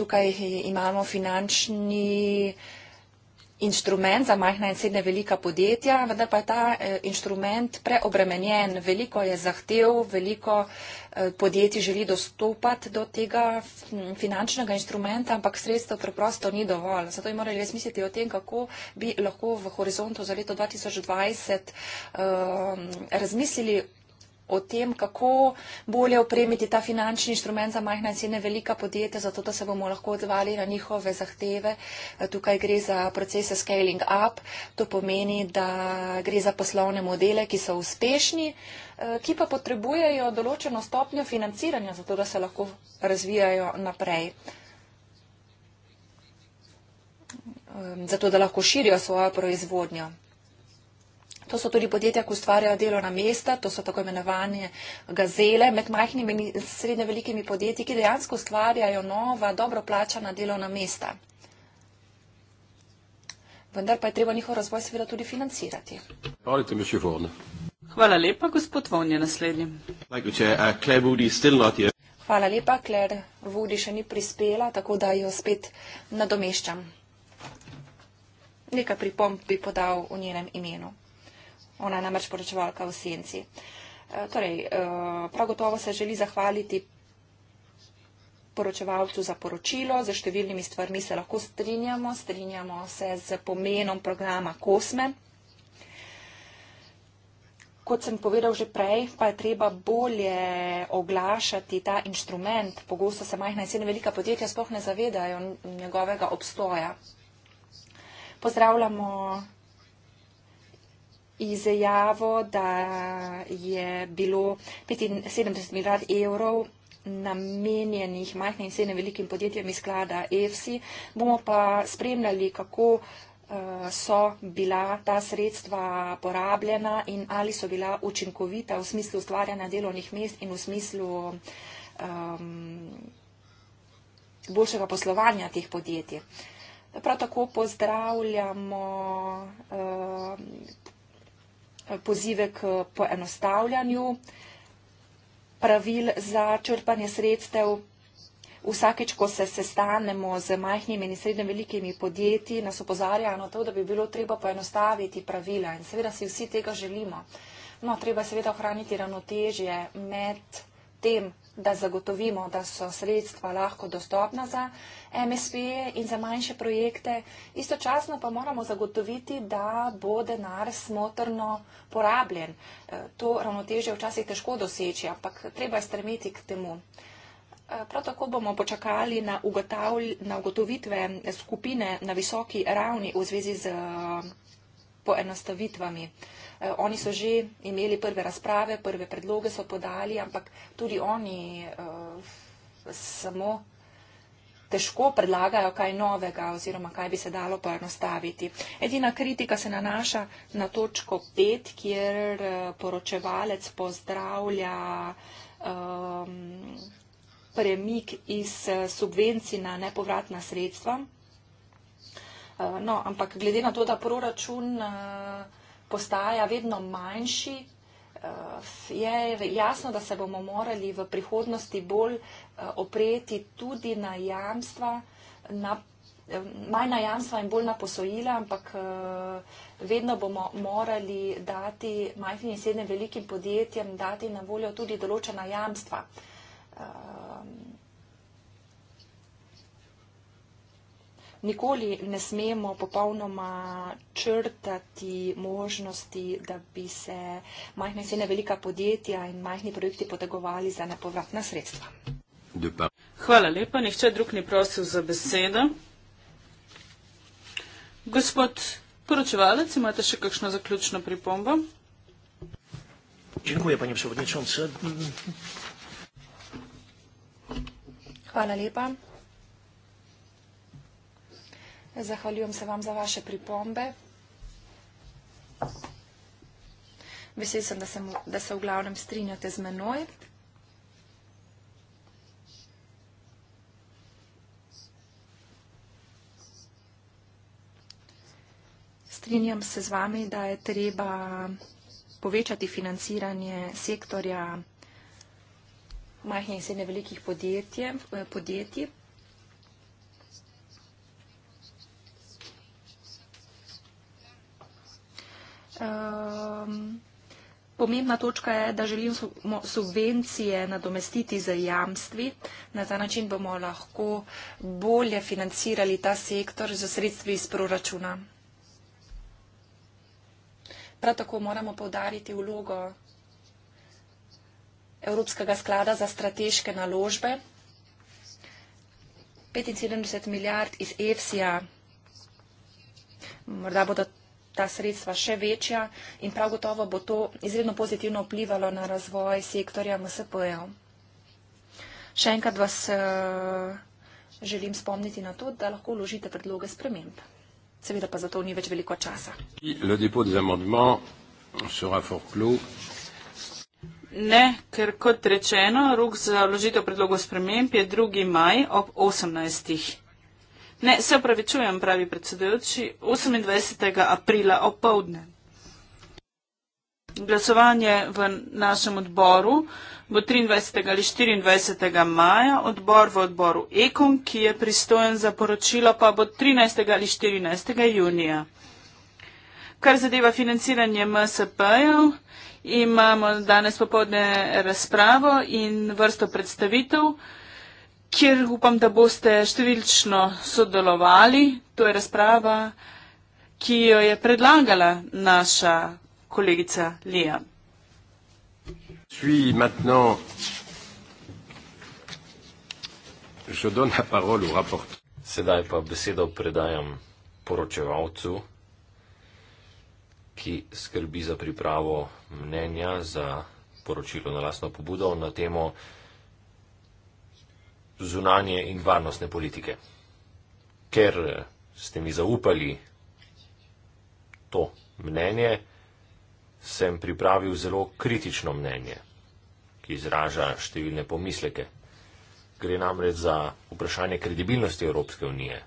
Speaker 3: Tukaj imamo finančni inštrument za majhna in srednje velika podjetja, vendar pa je ta eh, inštrument preobremenjen, veliko je zahtev, veliko eh, podjetij želi dostopati do tega mm, finančnega inštrumenta, ampak sredstev preprosto ni dovolj. Zato bi morali razmisliti o tem, kako bi lahko v horizontu za leto 2020 eh, razmislili o tem, kako bolje opremiti ta finančni instrument za majhna in sine velika podjetja, zato da se bomo lahko odzvali na njihove zahteve. Eh, tukaj gre za procese scaling up, to pomeni, da gre za poslovne modele, ki so uspešni, eh, ki pa potrebujejo določeno stopnjo financiranja, zato da se lahko razvijajo naprej. Ehm, zato da lahko širijo svojo proizvodnjo. To so tudi podjetja, ki ustvarjajo delovna mesta, to so tako imenovane gazele med majhnimi in srednje velikimi podjetji, ki dejansko ustvarjajo nova, dobro plačana delovna mesta. Vendar pa je treba njihov razvoj seveda tudi financirati.
Speaker 2: Hvala lepa, gospod Vonje, naslednji.
Speaker 1: Uh,
Speaker 3: Hvala lepa, Claire Woody še ni prispela, tako da jo spet nadomeščam. Nekaj pripomb bi podal v njenem imenu ona je namreč poročevalka v senci. E, torej, e, prav gotovo se želi zahvaliti poročevalcu za poročilo, za številnimi stvarmi se lahko strinjamo, strinjamo se z pomenom programa Kosme. Kot sem povedal že prej, pa je treba bolje oglašati ta inštrument. Pogosto se majhna in srednja velika podjetja sploh ne zavedajo njegovega obstoja. Pozdravljamo izjavo, da je bilo 75 milijard evrov namenjenih majhnim in srednjim velikim podjetjem iz sklada EFSI. Bomo pa spremljali, kako eh, so bila ta sredstva porabljena in ali so bila učinkovita v smislu ustvarjanja delovnih mest in v smislu um, boljšega poslovanja teh podjetij. Prav tako pozdravljamo um, pozive k poenostavljanju pravil za črpanje sredstev. Vsakeč, ko se sestanemo z majhnimi in srednje velikimi podjetji, nas opozarjajo na to, da bi bilo treba poenostaviti pravila in seveda si vsi tega želimo. No, treba seveda ohraniti ravnotežje med tem, da zagotovimo, da so sredstva lahko dostopna za MSP in za manjše projekte. Istočasno pa moramo zagotoviti, da bo denar smotrno porabljen. E, to ravnoteže včasih težko doseči, ampak treba je stremeti k temu. E, prav tako bomo počakali na, ugotavl, na ugotovitve skupine na visoki ravni v zvezi z e, poenostavitvami. Oni so že imeli prve razprave, prve predloge so podali, ampak tudi oni uh, samo težko predlagajo kaj novega oziroma kaj bi se dalo poenostaviti. Edina kritika se nanaša na točko 5, kjer eh, poročevalec pozdravlja um, premik iz eh, subvencij na nepovratna sredstva. Eh, no, ampak glede na to, da proračun postaja vedno manjši, je jasno, da se bomo morali v prihodnosti bolj opreti tudi na jamstva, na, manj na jamstva in bolj na posojila, ampak eh, vedno bomo morali dati majhnim in srednjim velikim podjetjem, dati na voljo tudi določena jamstva. Eh, nikoli ne smemo popolnoma črtati možnosti, da bi se majhne in srednje velika podjetja in majhni projekti potegovali za nepovratna sredstva
Speaker 1: de Paris.
Speaker 2: Hvala lepa. Nihče drug ni prosil za besedo. Gospod poročevalec, imate še kakšno zaključno pripombo?
Speaker 1: Dziękuję, panie przewodniczący.
Speaker 3: Hvala lepa. Zahvaljujem se vam za vaše pripombe. Vesel sem, da, sem, da se v glavnem strinjate z menoj. strinjam se z vami, da je treba povečati financiranje sektorja majhnih in srednje velikih podjetje, eh, podjetij. Um, pomembna točka je, da želimo subvencije nadomestiti z jamstvi. Na ta način bomo lahko bolje financirali ta sektor z sredstvi iz proračuna. Prav tako moramo povdariti vlogo Evropskega sklada za strateške naložbe. 75 milijard iz EFSI-ja, morda bodo ta sredstva še večja in prav gotovo bo to izredno pozitivno vplivalo na razvoj sektorja MSP-jev. Še enkrat vas eh, želim spomniti na to, da lahko vložite predloge sprememb.
Speaker 2: Seveda pa zato ni več veliko časa. Ne, ker kot rečeno, rok za vložitev predlogov sprememb je 2. maj ob 18. Ne, se opravičujem, pravi predsedujoči, 28. aprila opovdne. Glasovanje v našem odboru bo 23. ali 24. maja, odbor v odboru Ekon, ki je pristojen za poročilo, pa bo 13. ali 14. junija. Kar zadeva financiranje MSP-jev, imamo danes popodne razpravo in vrsto predstavitev, kjer upam, da boste številčno sodelovali. To je razprava, ki jo je predlagala naša kolegica Lea.
Speaker 1: Suis maintenant je donne la parole au rapport. Sedaj pa besedo predajam poročevalcu, ki skrbi za pripravo mnenja za poročilo na lastno pobudo na temo zunanje in varnostne politike. Ker ste mi zaupali to mnenje, sem pripravil zelo kritično mnenje, ki izraža številne pomisleke. Gre namreč za vprašanje kredibilnosti Evropske unije.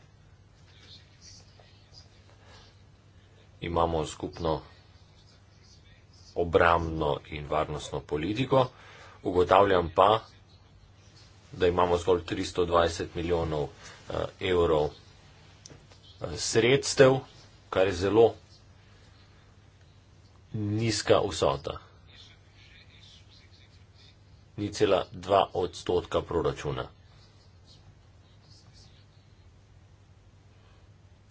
Speaker 1: Imamo skupno obramno in varnostno politiko, ugotavljam pa, da imamo zgolj 320 milijonov eh, evrov eh, sredstev, kar je zelo nizka vsota. Ni cela dva odstotka proračuna.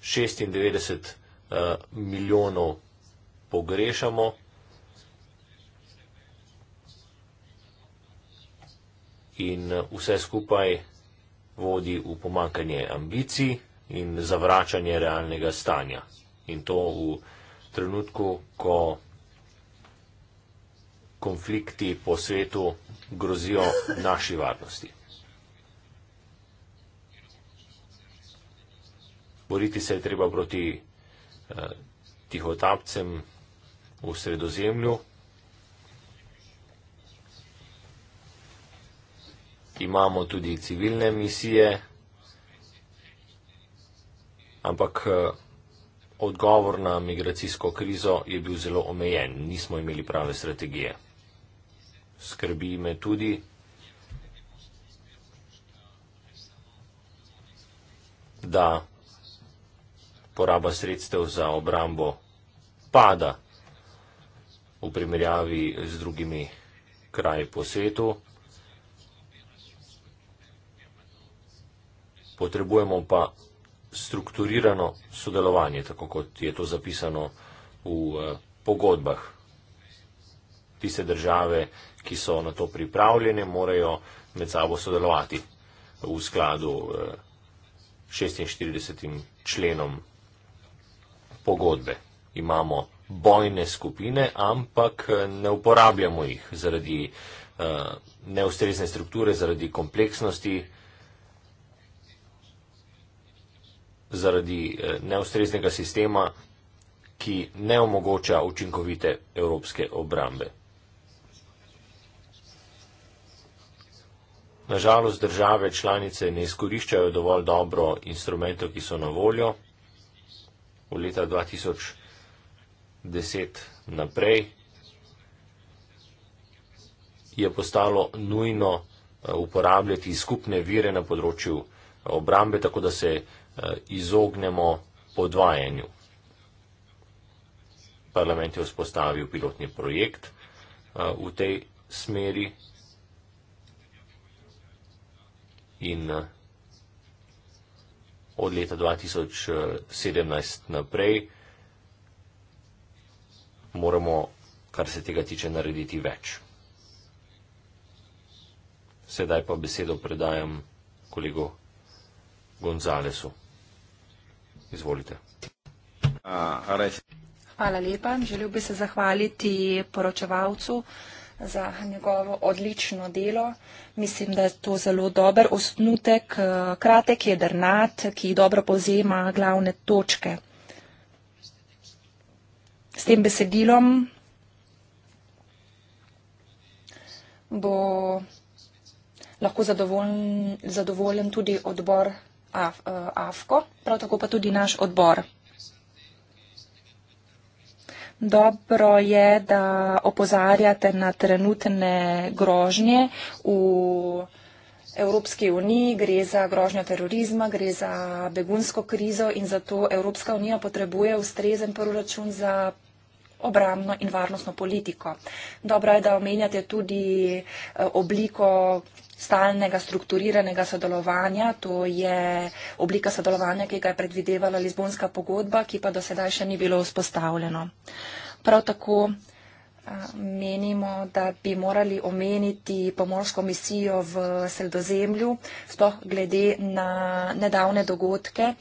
Speaker 1: 96 uh, eh, milijonov pogrešamo. In eh, vse skupaj vodi v pomankanje ambicij in zavračanje realnega stanja. In to v trenutku, ko konflikti po svetu grozijo naši varnosti. Boriti se je treba proti eh, tihotapcem v sredozemlju. Imamo tudi civilne misije, ampak eh, odgovor na migracijsko krizo je bil zelo omejen. Nismo imeli prave strategije skrbi me tudi, da poraba sredstev za obrambo pada v primerjavi z drugimi kraji po svetu. Potrebujemo pa strukturirano sodelovanje, tako kot je to zapisano v eh, pogodbah. Tiste države, ki so na to pripravljene, morajo med sabo sodelovati v skladu 46. Eh, členom pogodbe. Imamo bojne skupine, ampak eh, ne uporabljamo jih zaradi eh, neustrezne strukture, zaradi kompleksnosti, zaradi neustreznega sistema, ki ne omogoča učinkovite evropske obrambe. Nažalost, države članice ne izkoriščajo dovolj dobro instrumentov, ki so na voljo. V leta 2010 naprej je postalo nujno eh, uporabljati skupne vire na področju eh, obrambe, tako da se eh, izognemo podvajanju. Parlament je vzpostavil pilotni projekt v tej smeri. in eh, od leta 2017 eh, naprej moramo, kar se tega tiče, narediti več. Sedaj pa besedo predajam kolegu Gonzalesu. Izvolite. Ah,
Speaker 3: Hvala lepa. Želel bi se zahvaliti poročevalcu za njegovo odlično delo. Mislim, da je to zelo dober osnutek, eh, kratek je drnat, ki dobro povzema glavne točke. S tem besedilom bo lahko zadovoljen, zadovoljen tudi odbor AFKO, eh, prav tako pa tudi naš odbor. Dobro je, da opozarjate na trenutne grožnje v Evropski uniji, gre za grožnjo terorizma, gre za begunsko krizo in zato Evropska unija potrebuje ustrezen proračun za obramno in varnostno politiko. Dobro je, da omenjate tudi eh, obliko, stalnega strukturiranega sodelovanja, to je oblika sodelovanja, ki ga je predvidevala Lizbonska pogodba, ki pa do sedaj še ni bilo vzpostavljeno. Prav tako menimo, da bi morali omeniti pomorsko misijo v sredozemlju, sploh glede na nedavne dogodke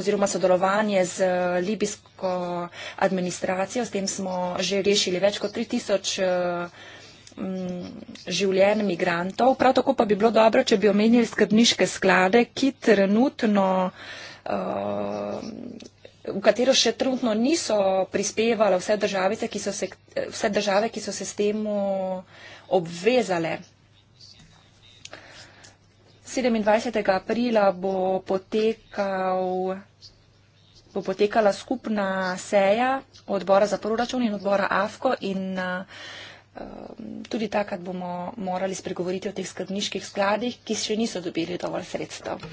Speaker 3: oziroma sodelovanje z libijsko administracijo. S tem smo že rešili več kot 3000 ljudi Mm, življenj migrantov. Prav tako pa bi bilo dobro, če bi omenili skrbniške sklade, ki trenutno, eh, v katero še trenutno niso prispevali vse, se, vse države, ki so se s tem eh, obvezale. 27. aprila bo, potekal, bo potekala skupna seja odbora za proračun in odbora AFKO in uh, Ehm, tudi takrat bomo morali spregovoriti o teh skrbniških skladih, ki še niso dobili dovolj sredstev.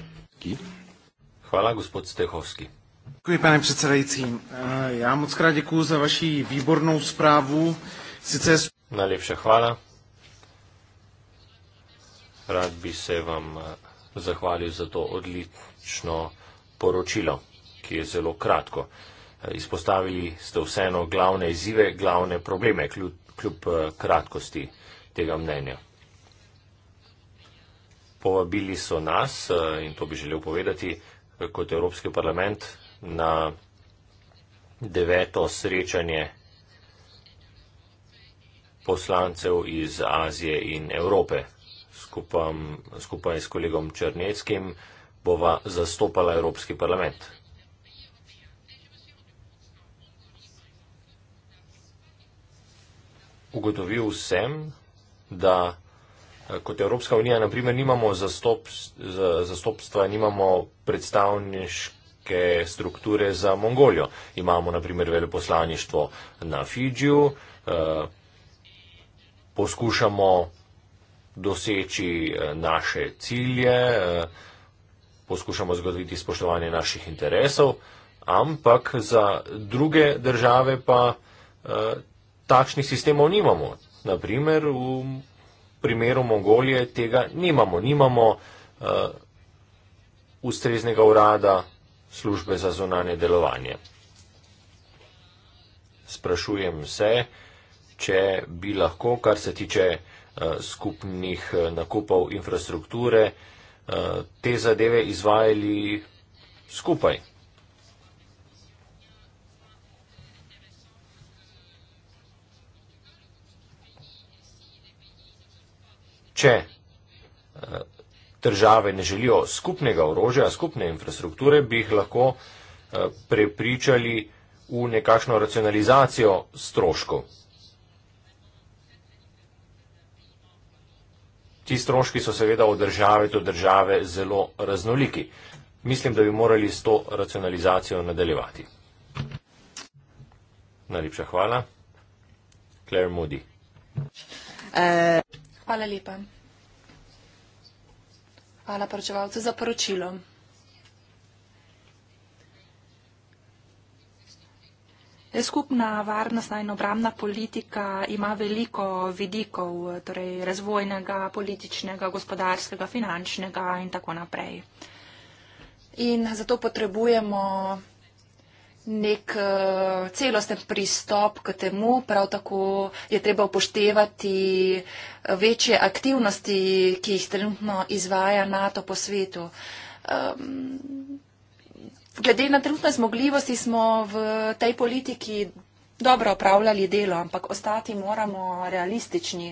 Speaker 1: Hvala, gospod Stehovski.
Speaker 3: Děkuji, pane předsedající. Eh, já moc krát děkuji za vaši výbornou zprávu.
Speaker 1: Sice... Najlepša hvala. Rád by se vám eh, zahvalil za to odlično poročilo, ki je zelo kratko. Eh, izpostavili ste vseeno glavne izzive, glavne probleme, kljub kljub eh, kratkosti tega mnenja. Povabili so nas, eh, in to bi želel povedati, eh, kot Evropski parlament na deveto srečanje poslancev iz Azije in Evrope. Skupaj, skupaj s kolegom Črneckim bova zastopala Evropski parlament. ugotovil sem, da eh, kot Evropska unija, naprimer, nimamo zastop, zastopstva, nimamo predstavniške strukture za Mongolijo. Imamo, naprimer, veleposlaništvo na Fidžiju, eh, poskušamo doseči eh, naše cilje, poskušamo zgoditi spoštovanje naših interesov, ampak za druge države pa takšnih sistemov nimamo. Naprimer, v primeru Mongolije tega nimamo. Nimamo uh, ustreznega urada službe za zonanje delovanje. Sprašujem se, če bi lahko, kar se tiče uh, skupnih eh, nakupov infrastrukture, uh, te zadeve izvajali skupaj. če eh, države ne želijo skupnega orožja, skupne infrastrukture, bi jih lahko eh, prepričali v nekakšno racionalizacijo stroškov. Ti stroški so seveda od države do države zelo raznoliki. Mislim, da bi morali s to racionalizacijo nadaljevati. Najlepša hvala. Claire Moody. Uh...
Speaker 3: Hvala lepa. Hvala poročevalcu za poročilo. Skupna varnostna in obramna politika ima veliko vidikov, torej razvojnega, političnega, gospodarskega, finančnega in tako naprej. In zato potrebujemo nek uh, celosten pristop k temu, prav tako je treba upoštevati eh, večje aktivnosti, ki jih trenutno izvaja NATO po svetu. Um, glede na trenutne zmogljivosti smo v tej politiki dobro opravljali delo, ampak ostati moramo realistični.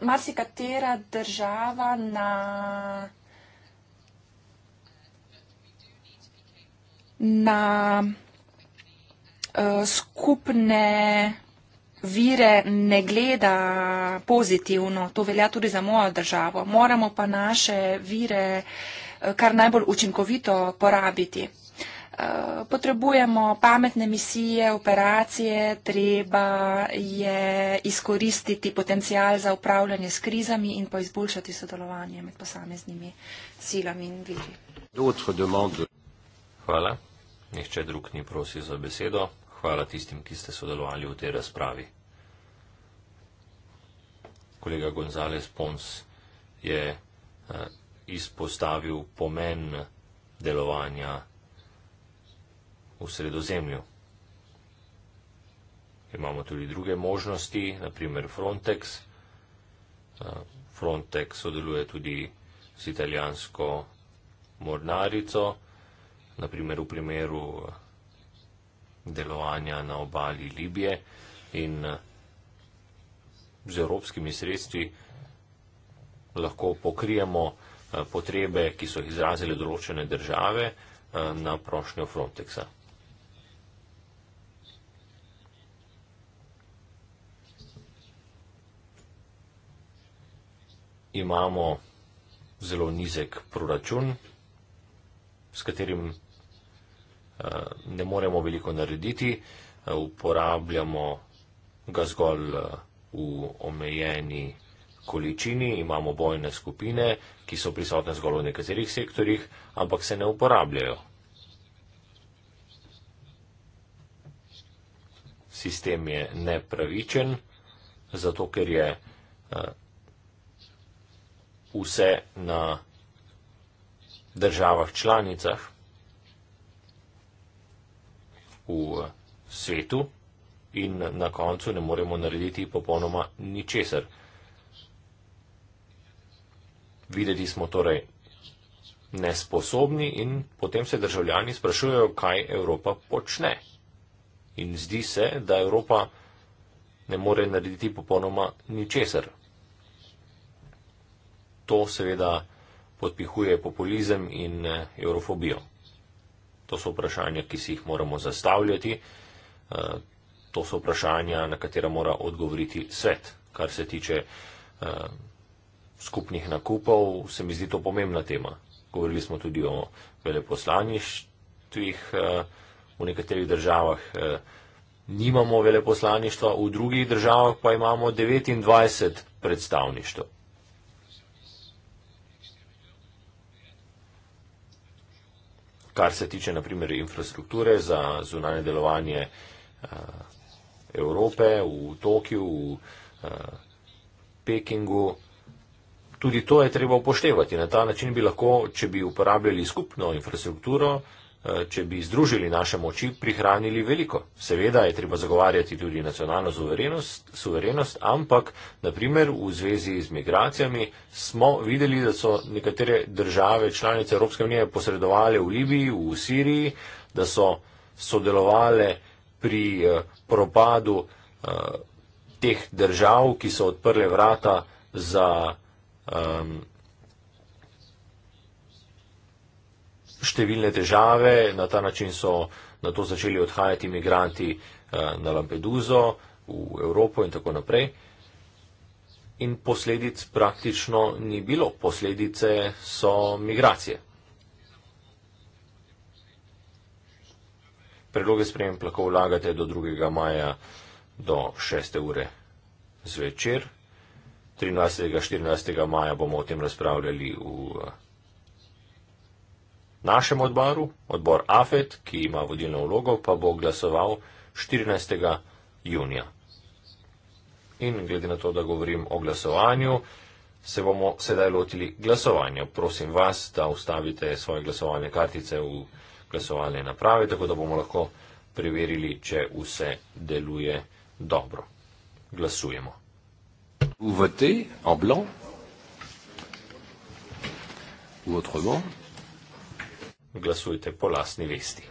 Speaker 3: Marsikatera država na na uh, skupne vire ne gleda pozitivno. To velja tudi za mojo državo. Moramo pa naše vire eh, kar najbolj učinkovito porabiti. Eh, potrebujemo pametne misije, operacije, treba je izkoristiti potencial za upravljanje s krizami in pa izboljšati sodelovanje med posameznimi silami in viri.
Speaker 1: Hvala. Nihče drug ni prosil za besedo. Hvala tistim, ki ste sodelovali v tej razpravi. Kolega Gonzales Pons je eh, izpostavil pomen delovanja v sredozemlju. Imamo tudi druge možnosti, naprimer Frontex. Eh, Frontex sodeluje tudi z italijansko mornarico naprimer v primeru eh, delovanja na obali Libije in eh, z evropskimi sredstvi lahko pokrijemo eh, potrebe, ki so jih izrazile določene države na prošnjo Frontexa. Imamo zelo nizek proračun, s katerim Eh, ne moremo veliko narediti, eh, uporabljamo ga zgolj eh, v omejeni količini, imamo bojne skupine, ki so prisotne zgolj v nekaterih sektorjih, ampak se ne uporabljajo. Sistem je nepravičen, zato ker je vse na državah članicah v svetu in na koncu ne moremo narediti popolnoma ničesar. Videti smo torej nesposobni in potem se državljani sprašujejo, kaj Evropa počne. In zdi se, da Evropa ne more narediti popolnoma ničesar. To seveda podpihuje populizem in eh, eurofobijo. To so vprašanja, ki si jih moramo zastavljati, eh, to so vprašanja, na katera mora odgovoriti svet. Kar se tiče eh, skupnih nakupov, se mi zdi to pomembna tema. Govorili smo tudi o veleposlaništvih eh, v nekaterih državah. Nimamo veleposlaništva, v drugih državah pa imamo 29 predstavništv. kar se tiče naprimer infrastrukture za zunanje delovanje uh, Evrope v Tokiu, v uh, Pekingu. Tudi to je treba upoštevati. Na ta način bi lahko, če bi uporabljali skupno infrastrukturo, uh, Eh, če bi združili naše moči, prihranili veliko. Seveda je treba zagovarjati tudi nacionalno suverenost, suverenost ampak naprimer v zvezi z migracijami smo videli, da so nekatere države članice Evropske unije posredovali v Libiji, v Siriji, da so sodelovali pri eh, propadu eh, teh držav, ki so odprle vrata za. Um, številne težave, na ta način so na to začeli odhajati imigranti eh, na Lampeduzo, v Evropo in tako naprej. In posledic praktično ni bilo, posledice so migracije. Predloge sprejem lahko vlagate do 2. maja do 6. ure zvečer. 13. in 14. maja bomo o tem razpravljali v. Eh, našem odboru, odbor AFET, ki ima vodilno vlogo, pa bo glasoval 14. junija. In glede na to, da govorim o glasovanju, se bomo sedaj lotili glasovanja. Prosim vas, da ustavite svoje glasovalne kartice v glasovalne naprave, tako da bomo lahko preverili, če vse deluje dobro. Glasujemo. Votez en blanc ou autrement glasujte po lasni vesti.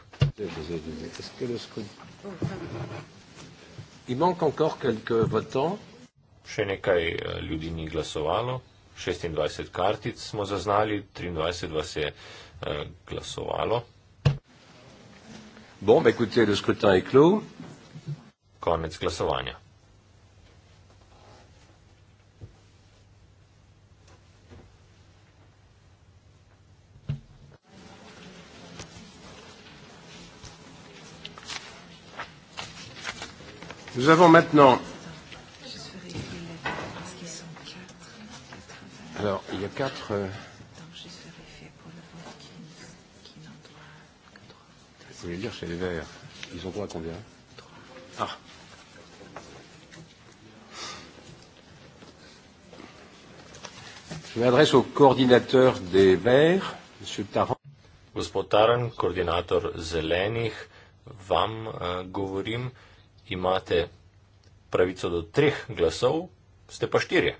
Speaker 1: Še nekaj eh, ljudi ni glasovalo, 26 kartic smo zaznali, 23 vas je eh, glasovalo. Bom, ekutiraj, skrutaj, klu. Konec glasovanja. Nous avons maintenant. Alors, il y a quatre. Euh, Vous voulez lire chez les Verts Ils ont droit à combien Ah Je m'adresse au coordinateur des Verts, M. Taran. Gospod Taran, coordinateur Zelenich, vam uh, govorim imate pravico do treh glasov, ste pa štirje.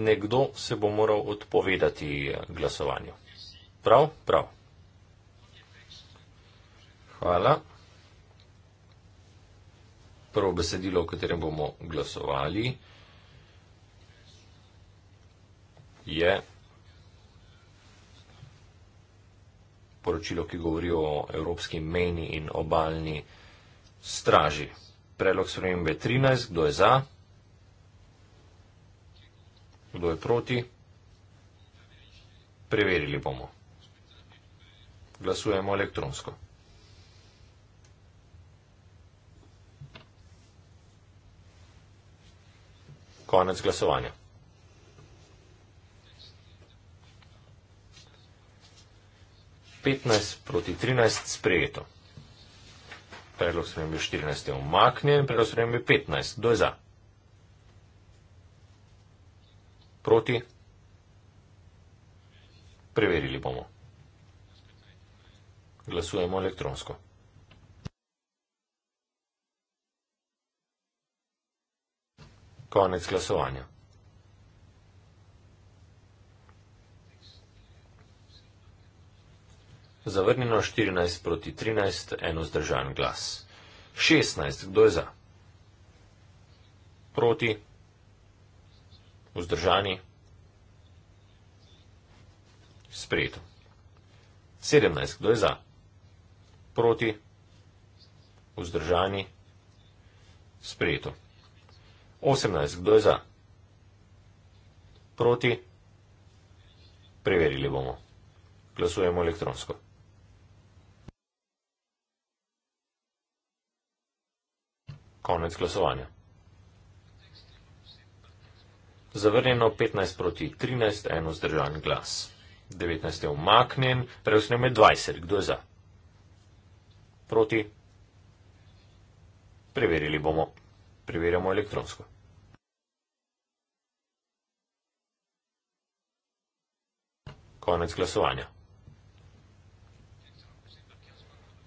Speaker 1: Nekdo se bo moral odpovedati glasovanju. Prav, prav. Hvala. Prvo besedilo, o katerem bomo glasovali. je poročilo, ki govori o evropski meni in obaljni straži. Predlog spremembe 13, kdo je za, kdo je proti, preverili bomo. Glasujemo elektronsko. Konec glasovanja. 15 proti 13 sprejeto. Predlog spremembe 14 je omaknjen, predlog spremembe 15. Kdo je za? Proti? Preverili bomo. Glasujemo elektronsko. Konec glasovanja. zavrnjeno 14 proti 13, eno zdržan glas. 16, kdo je za? Proti? Vzdržani? Sprejeto. 17, kdo je za? Proti? Vzdržani? Sprejeto. 18, kdo je za? Proti? Preverili bomo. Glasujemo elektronsko. Konec glasovanja. Zavrnjeno 15 proti 13, eno zdržan glas. 19 je umaknjen, preostanem je 20. Kdo je za? Proti? Preverili bomo. Preverjamo elektronsko. Konec glasovanja.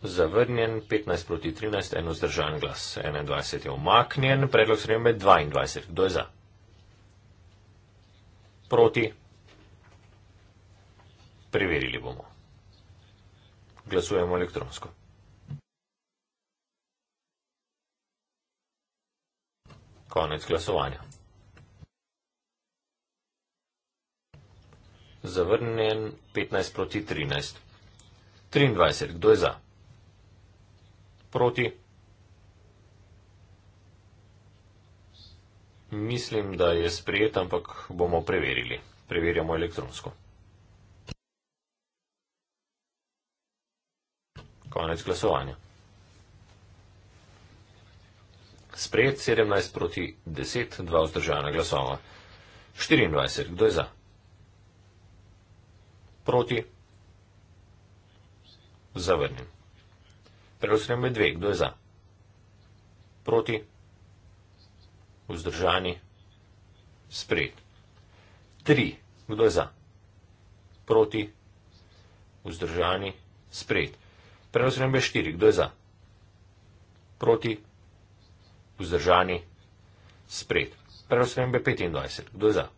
Speaker 1: zavrnjen, 15 proti 13, en vzdržan glas, 21 je omaknjen, predlog sprejme 22. Kdo je za? Proti? Preverili bomo. Glasujemo elektronsko. Konec glasovanja. Zavrnjen 15 proti 13. 23. Kdo je za? proti. Mislim, da je sprejet, ampak bomo preverili. Preverjamo elektronsko. Konec glasovanja. Sprejet 17 proti 10, 2 vzdržana glasova. 24, kdo je za? Proti? Zavrnjen. Preostanem med dve, kdo je za? Proti? Vzdržani? Sprejet. Tri, kdo je za? Proti? Vzdržani? Sprejet. Preostanem med štiri, kdo je za? Proti? Vzdržani? Sprejet. Preostanem med petindvajset, kdo je za?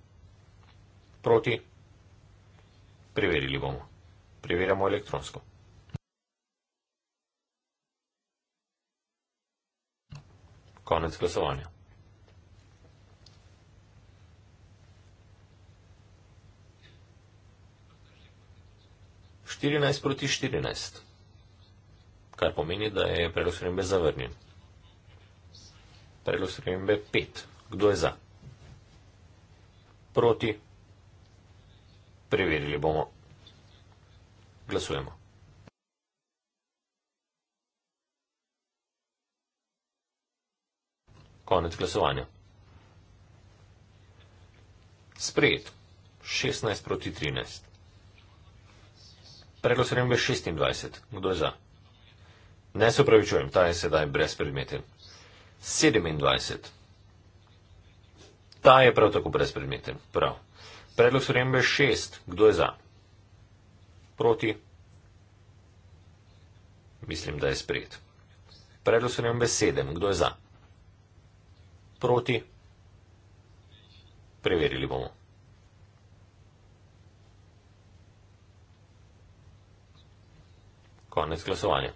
Speaker 1: Proti? Preverili bomo. Preverjamo elektronsko. Konec glasovanja. Štirinajst proti štirinajst, kar pomeni, da je predlog srembe zavrnjen. Predlog srembe pet. Kdo je za? Proti? Preverili bomo. Glasujemo. Konec glasovanja. Sprejet. 16 proti 13. Predlog sprejembe 26. Kdo je za? Ne se upravičujem, ta je sedaj brez predmeten. 27. Ta je prav tako brez predmeten. Prav. Predlog sprejembe 6. Kdo je za? Proti. Mislim, da je sprejet. Predlog sprejembe 7. Kdo je za? proti? Preverili bomo. Konec glasovanja.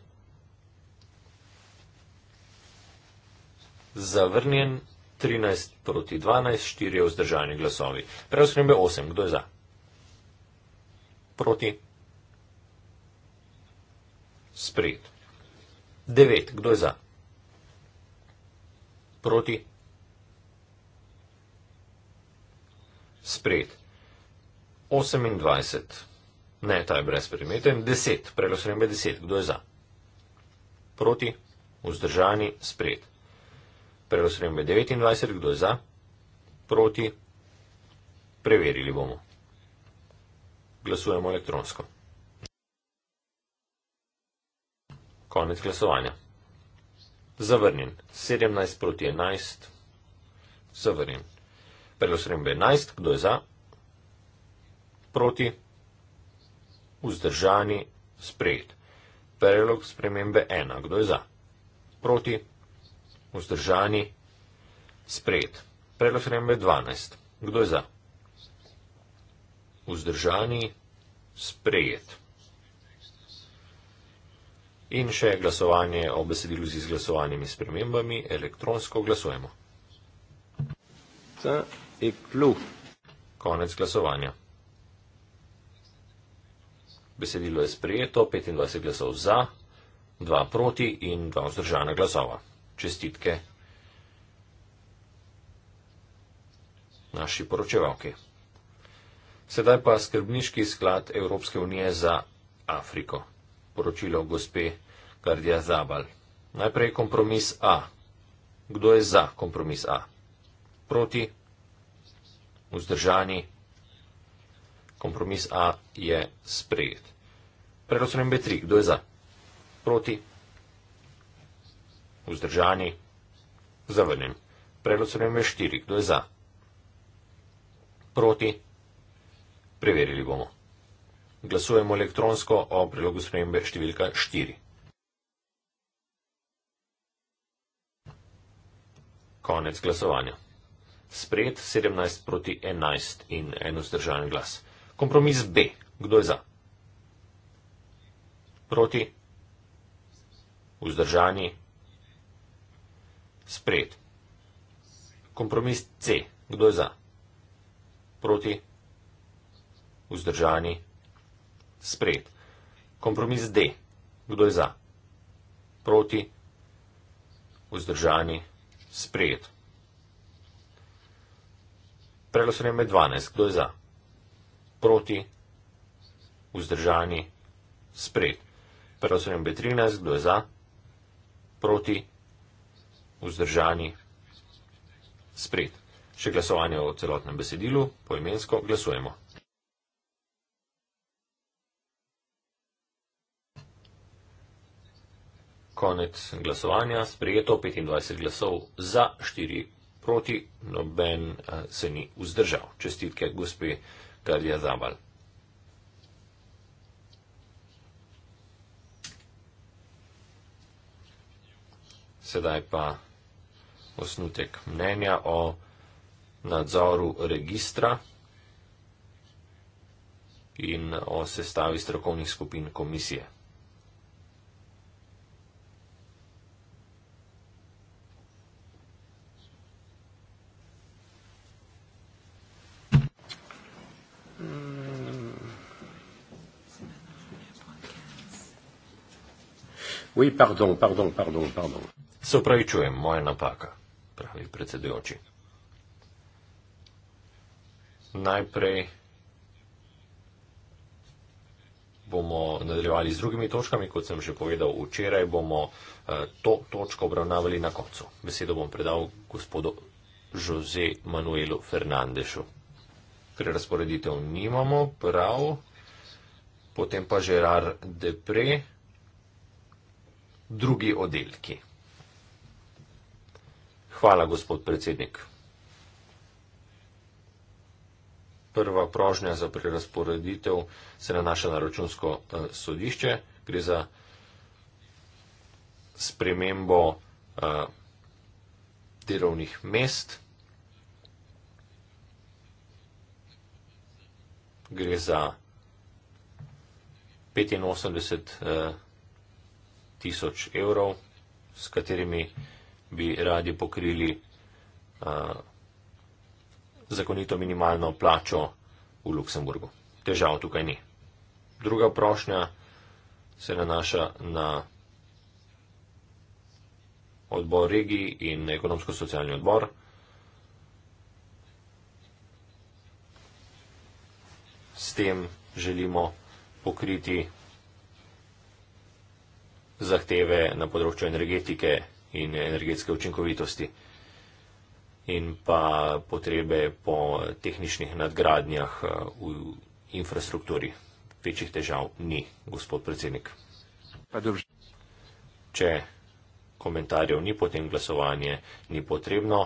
Speaker 1: Zavrnjen 13 proti 12, 4 je vzdržani glasovi. Preuskrbe 8, kdo je za? Proti? Sprejet. 9, kdo je za? Proti? sprejet. 28. Ne, ta je brez primete. 10. Preglasujem 10. Kdo je za? Proti. Vzdržani. Sprejet. Preglasujem 29. Kdo je za? Proti. Preverili bomo. Glasujemo elektronsko. Konec glasovanja. Zavrnjen. 17 proti 11. Zavrnjen. Preglasujem 11, kdo je za? Proti? Vzdržani? Sprejet. Predlog spremembe 1, kdo je za? Proti? Vzdržani? Sprejet. Predlog spremembe 12, kdo je za? Vzdržani? Sprejet. In še glasovanje o besedilu z izglasovanimi spremembami. Elektronsko glasujemo eklu. Konec glasovanja. Besedilo je sprejeto, 25 glasov za, 2 proti in 2 vzdržana glasova. Čestitke naši poročevalki. Sedaj pa skrbniški sklad Evropske unije za Afriko. Poročilo gospe Gardija Zabal. Najprej kompromis A. Kdo je za kompromis A? Proti vzdržani. Kompromis A je sprejet. Predlog sprememb je 3. Kdo je za? Proti? Vzdržani? Zavrnjen. Predlog sprememb je 4. Kdo je za? Proti? Preverili bomo. Glasujemo elektronsko o predlogu spremembe številka 4. Konec glasovanja sprejet 17 proti 11 in eno zdržan glas. Kompromis B. Kdo je za? Proti? Vzdržani? Sprejet. Kompromis C. Kdo je za? Proti? Vzdržani? Sprejet. Kompromis D. Kdo je za? Proti? Vzdržani? Sprejet. Preglasujemo 12. Kdo je za? Proti? Vzdržani? Spred. Preglasujemo 13. Kdo je za? Proti? Vzdržani? Spred. Še glasovanje o celotnem besedilu, poimensko glasujemo. Konec glasovanja, sprejeto 25 glasov za 4 proti noben eh, se ni vzdržal. Čestitke, gospe Karja Zabal. Sedaj pa osnutek mnenja o nadzoru registra in o sestavi strokovnih skupin komisije. Oui, pardon, pardon, pardon, pardon. Se opravičujem, moja napaka, pravi predsedujoči. Najprej bomo nadaljevali z drugimi točkami, kot sem že povedal včeraj, bomo eh, to točko obravnavali na koncu. Besedo bom predal gospodu Jose Manuelu Fernandešu. Prerasporeditev nimamo, prav. Potem pa Gerard Depre drugi oddelki. Hvala, gospod predsednik. Prva prožnja za prerasporeditev se nanaša na računsko eh, sodišče. Gre za spremembo eh, delovnih mest. Gre za 85 tisoč evrov, s katerimi bi radi pokrili uh, zakonito minimalno plačo v Luksemburgu. Težav tukaj ni. Druga prošnja se nanaša na odbor regiji in ekonomsko-socialni odbor. S tem želimo pokriti zahteve na področju energetike in energetske učinkovitosti in pa potrebe po tehničnih nadgradnjah eh, v infrastrukturi. Večjih težav ni, gospod predsednik. Če komentarjev ni, potem glasovanje ni potrebno.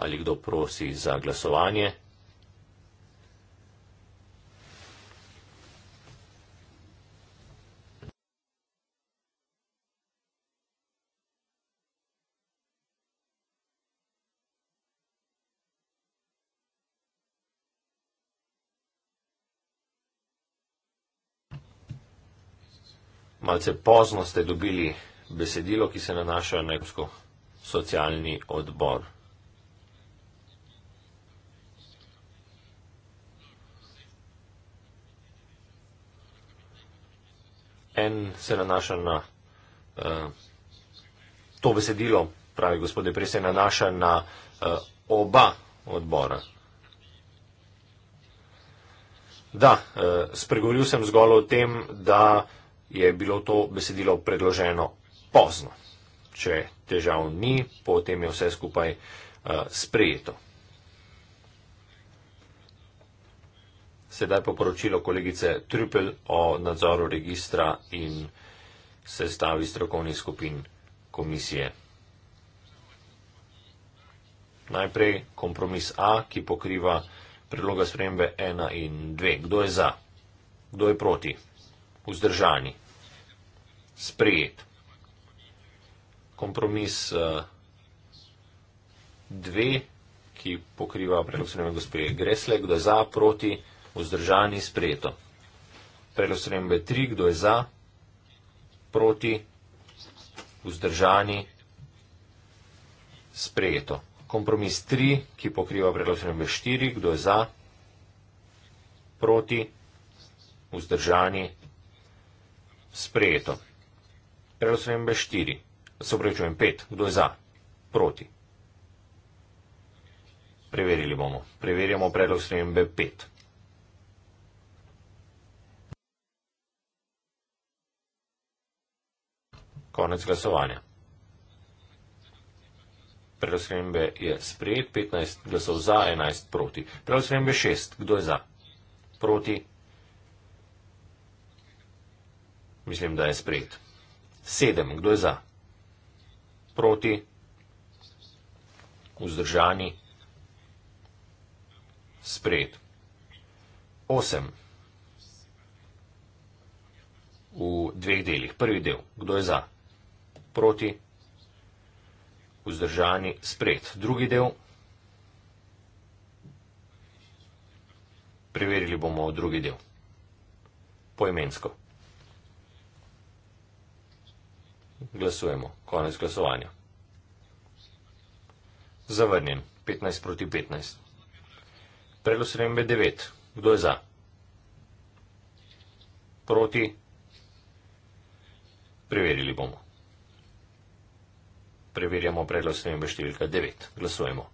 Speaker 1: Ali kdo prosi za glasovanje? malce pozno ste dobili besedilo, ki se nanaša na Evropsko socialni odbor. En se nanaša na uh, to besedilo, pravi gospod Depres, se nanaša na uh, oba odbora. Da, uh, spregovoril sem zgolj o tem, da uh, je bilo to besedilo predloženo pozno. Če težav ni, potem je vse skupaj eh, sprejeto. Sedaj pa poročilo kolegice Trupel o nadzoru registra in sestavi strokovnih skupin komisije. Najprej kompromis A, ki pokriva predloga spremembe 1 in 2. Kdo je za? Kdo je proti? vzdržani, sprejet. Kompromis 2, uh, eh, ki pokriva predlog sprejeme gospe Gresle, kdo je za, proti, vzdržani, sprejeto. Predlog sprejeme 3, kdo je za, proti, vzdržani, sprejeto. Kompromis 3, ki pokriva predlog sprejeme 4, kdo je za, proti, vzdržani, sprejeto. Sprejeto. Razvembe 4. Se upravičujem 5. Kdo je za? Proti. Preverili bomo. Preverjamo predlog spremembe 5. Konec glasovanja. Predlog spremembe je sprejet, 15 glasov za, 11 proti. Predlog spremembe 6. Kdo je za? Proti. Mislim, da je sprejet. Sedem. Kdo je za? Proti? Vzdržani? Sprejet. Osem. V dveh delih. Prvi del. Kdo je za? Proti? Vzdržani? Sprejet. Drugi del. Preverili bomo drugi del. Poimensko. glasujemo. Konec glasovanja. Zavrnjen. 15 proti 15. Predlog sprejembe 9. Kdo je za? Proti. Preverili bomo. Preverjamo predlog sprejembe številka 9. Glasujemo.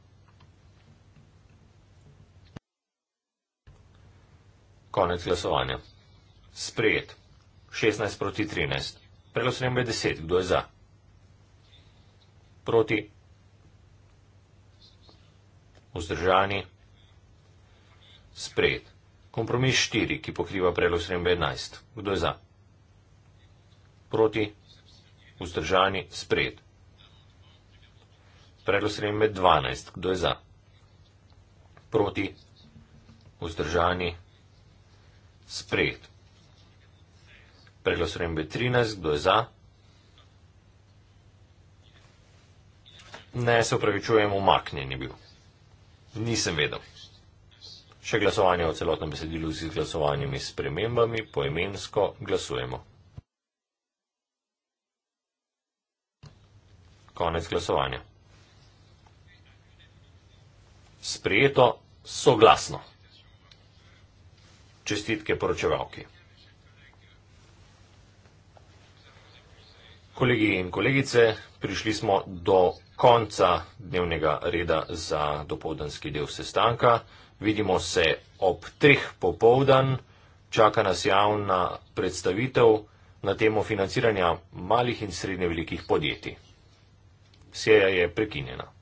Speaker 1: Konec glasovanja. Sprejet. 16 proti 13. Predlog spremembe je 10. Kdo je za? Proti? Vzdržani? Sprejet. Kompromis 4, ki pokriva predlog spremembe 11. Kdo je za? Proti? Vzdržani? Sprejet. Predlog spremembe 12. Kdo je za? Proti? Vzdržani? Sprejet. Preglasujem B13, kdo je za? Ne, se upravičujem, umaknjen je bil. Nisem vedel. Še glasovanje o celotnem besedilu z glasovanjem in spremembami, poimensko glasujemo. Konec glasovanja. Sprijeto, soglasno. Čestitke poročevalki. Kolegi in kolegice, prišli smo do konca dnevnega reda za dopoldanski del sestanka. Vidimo se ob treh popovdan, čaka nas javna predstavitev na temo financiranja malih in srednje velikih podjetij. Seja je prekinjena.